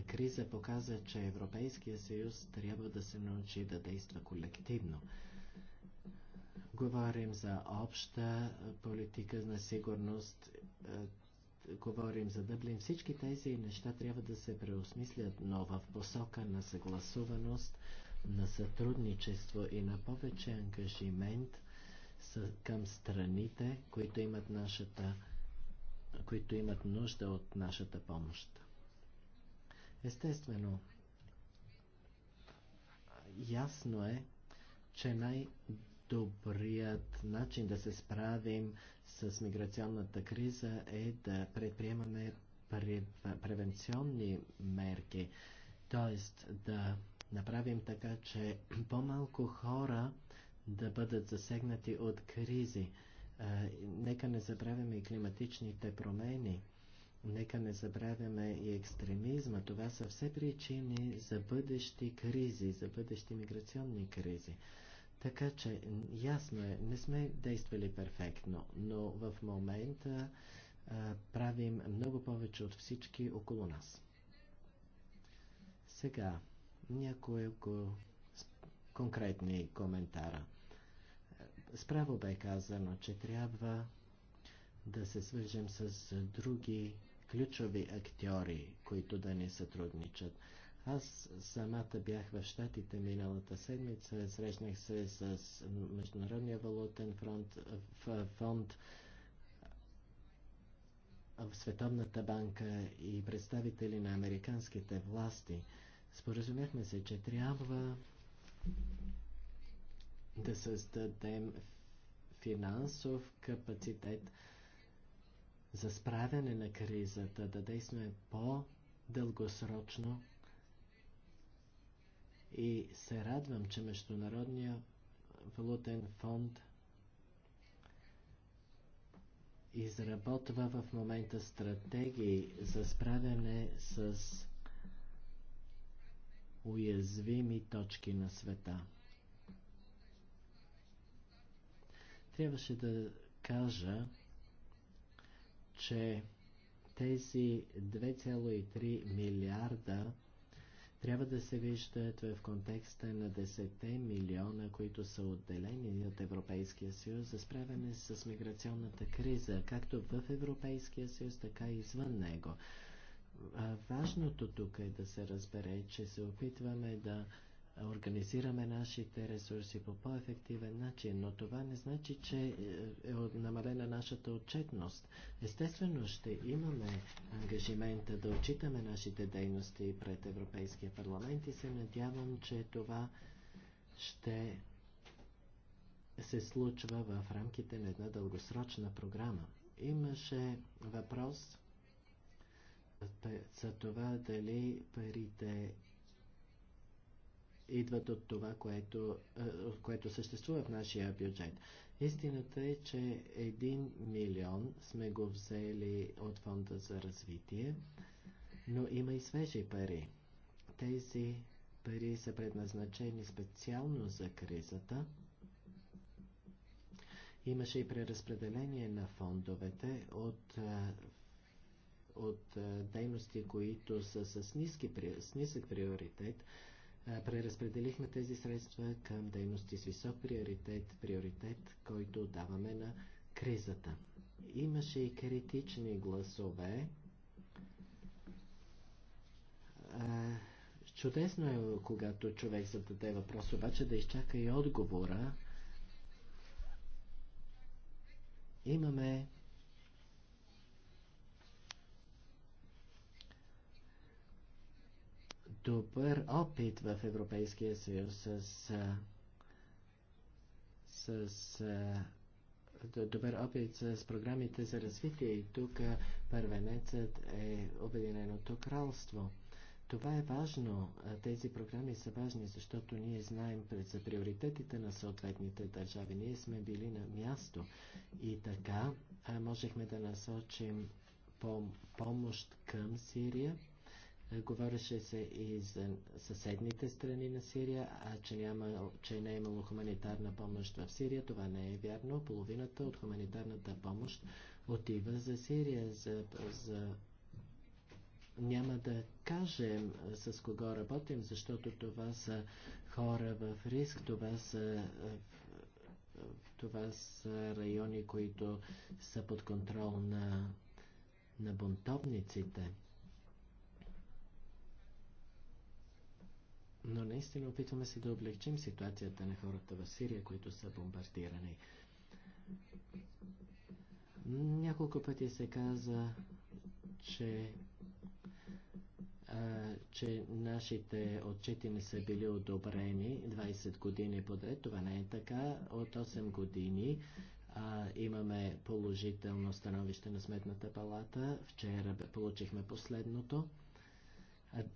криза показа, че Европейския съюз трябва да се научи да действа колективно. Говорим за обща политика на сигурност, говорим за Дъблин. Всички тези неща трябва да се преосмислят, но в посока на съгласуваност, на сътрудничество и на повече ангажимент към страните, които имат, нашата, които имат нужда от нашата помощ. Естествено, ясно е, че най Добрият начин да се справим с миграционната криза е да предприемаме превенционни мерки, т.е. да направим така, че по-малко хора да бъдат засегнати от кризи. Нека не забравяме и климатичните промени. Нека не забравяме и екстремизма. Това са все причини за бъдещи кризи, за бъдещи миграционни кризи. Така че, ясно е, не сме действали перфектно, но в момента а, правим много повече от всички около нас. Сега, няколко конкретни коментара. Справо бе казано, че трябва да се свържем с други ключови актьори, които да ни сътрудничат. Аз самата бях в Штатите миналата седмица, срещнах се с Международния валутен фронт, фонд, в Световната банка и представители на американските власти. Споразумяхме се, че трябва да създадем финансов капацитет за справяне на кризата, да действаме по-дългосрочно и се радвам, че Международния валутен фонд изработва в момента стратегии за справяне с уязвими точки на света. Трябваше да кажа, че тези 2,3 милиарда трябва да се виждат е в контекста на 10 милиона, които са отделени от Европейския съюз за справяне с миграционната криза, както в Европейския съюз, така и извън него. Важното тук е да се разбере, че се опитваме да организираме нашите ресурси по по-ефективен начин, но това не значи, че е, е намалена нашата отчетност. Естествено ще имаме ангажимента да отчитаме нашите дейности пред Европейския парламент и се надявам, че това ще се случва в рамките на една дългосрочна програма. Имаше въпрос за това дали парите идват от това, което, е, което съществува в нашия бюджет. Истината е, че 1 милион сме го взели от фонда за развитие, но има и свежи пари. Тези пари са предназначени специално за кризата. Имаше и преразпределение на фондовете от, е, от е, дейности, които са с, ниски, с нисък приоритет е, преразпределихме тези средства към дейности с висок приоритет, приоритет, който даваме на кризата. Имаше и критични гласове. Е, чудесно е, когато човек зададе въпрос, обаче да изчака и отговора. Имаме добър опит в Европейския съюз с, с, с добър опит с програмите за развитие и тук първенецът е Обединеното кралство. Това е важно. Тези програми са важни, защото ние знаем за приоритетите на съответните държави. Ние сме били на място и така можехме да насочим помощ към Сирия е, говореше се и за съседните страни на Сирия, а че, няма, че не е имало хуманитарна помощ в Сирия. Това не е вярно. Половината от хуманитарната помощ отива за Сирия, за, за няма да кажем с кого работим, защото това са хора в риск, това са, това са райони, които са под контрол на, на бунтовниците. но наистина опитваме се да облегчим ситуацията на хората в Сирия, които са бомбардирани. Няколко пъти се каза, че, а, че нашите отчети не са били одобрени 20 години подред. Това не е така. От 8 години а, имаме положително становище на Сметната палата. Вчера получихме последното.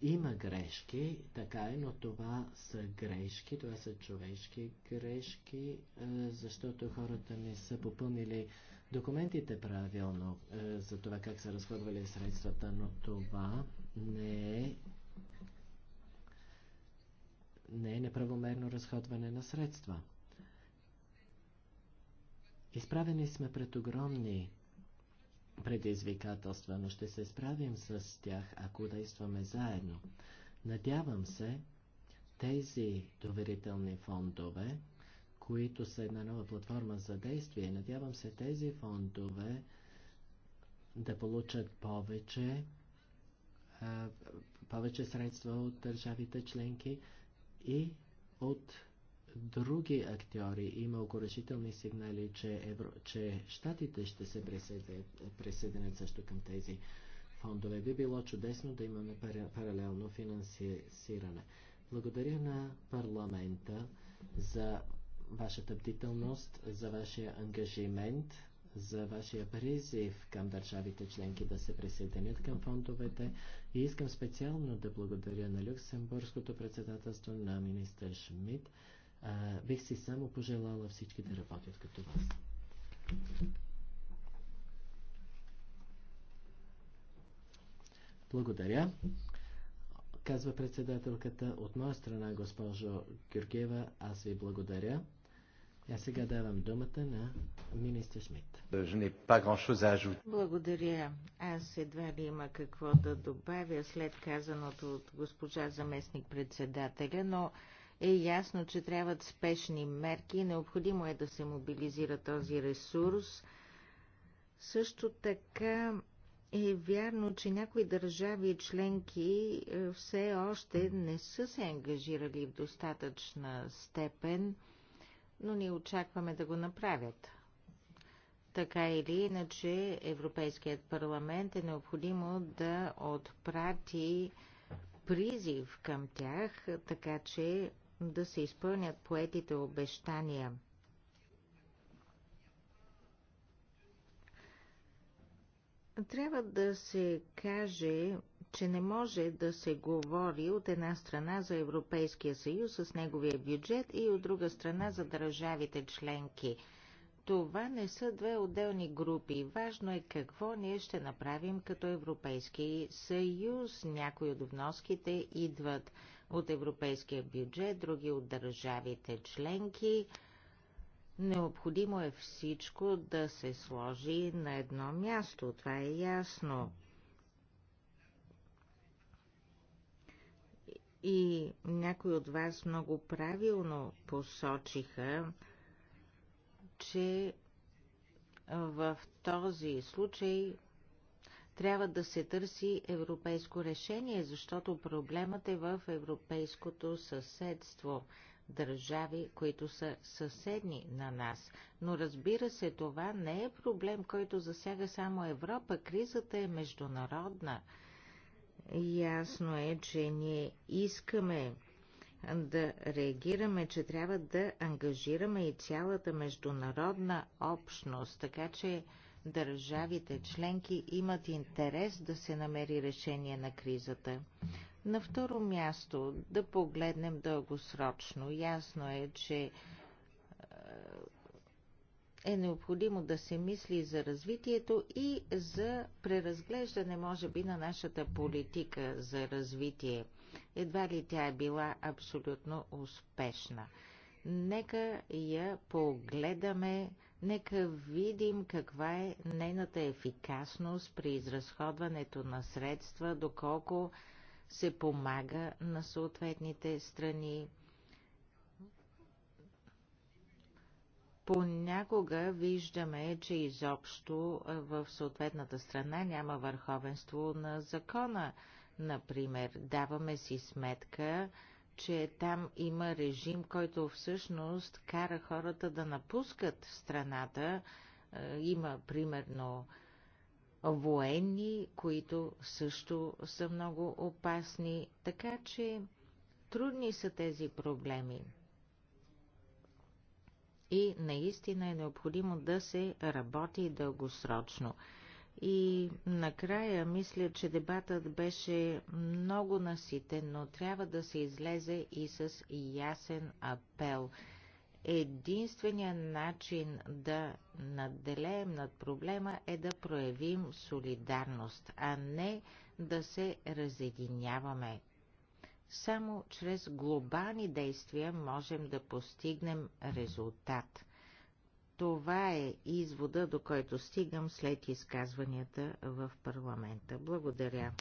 Има грешки, така е, но това са грешки, това са човешки грешки, е, защото хората не са попълнили документите правилно е, за това как са разходвали средствата, но това не е не е неправомерно разходване на средства. Изправени сме пред огромни предизвикателства, но ще се справим с тях, ако действаме заедно. Надявам се, тези доверителни фондове, които са една нова платформа за действие, надявам се тези фондове да получат повече, повече средства от държавите членки и от други актьори. Има окоръжителни сигнали, че, Евро... че щатите ще се присъединят също към тези фондове. Би било чудесно да имаме паралелно финансиране. Благодаря на парламента за вашата бдителност, за вашия ангажимент, за вашия призив към държавите членки да се присъединят към фондовете и искам специално да благодаря на Люксембургското председателство на министър Шмидт а, бих си само пожелала всички да работят като вас. Благодаря. Казва председателката от моя страна, госпожо Георгиева, аз ви благодаря. Я сега давам думата на министър Шмидт. Благодаря. Аз едва ли има какво да добавя след казаното от госпожа заместник председателя, но е ясно, че трябват спешни мерки. Необходимо е да се мобилизира този ресурс. Също така е вярно, че някои държави и членки е, все още не са се ангажирали в достатъчна степен, но ни очакваме да го направят. Така или иначе, Европейският парламент е необходимо да отпрати призив към тях, така че да се изпълнят поетите обещания. Трябва да се каже, че не може да се говори от една страна за Европейския съюз с неговия бюджет и от друга страна за държавите членки. Това не са две отделни групи. Важно е какво ние ще направим като Европейски съюз. Някои от вноските идват от европейския бюджет, други от държавите членки. Необходимо е всичко да се сложи на едно място, това е ясно. И някои от вас много правилно посочиха, че в този случай трябва да се търси европейско решение, защото проблемът е в европейското съседство, държави, които са съседни на нас. Но разбира се, това не е проблем, който засяга само Европа. Кризата е международна. Ясно е, че ние искаме да реагираме, че трябва да ангажираме и цялата международна общност, така че държавите членки имат интерес да се намери решение на кризата. На второ място да погледнем дългосрочно. Ясно е, че е, е необходимо да се мисли за развитието и за преразглеждане, може би, на нашата политика за развитие. Едва ли тя е била абсолютно успешна. Нека я погледаме Нека видим каква е нейната ефикасност при изразходването на средства, доколко се помага на съответните страни. Понякога виждаме, че изобщо в съответната страна няма върховенство на закона. Например, даваме си сметка, че там има режим, който всъщност кара хората да напускат страната. Е, има примерно военни, които също са много опасни, така че трудни са тези проблеми. И наистина е необходимо да се работи дългосрочно – и накрая мисля, че дебатът беше много наситен, но трябва да се излезе и с ясен апел. Единственият начин да надделеем над проблема е да проявим солидарност, а не да се разединяваме. Само чрез глобални действия можем да постигнем резултат – това е извода, до който стигам след изказванията в парламента. Благодаря.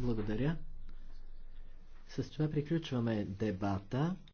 Благодаря. С това приключваме дебата.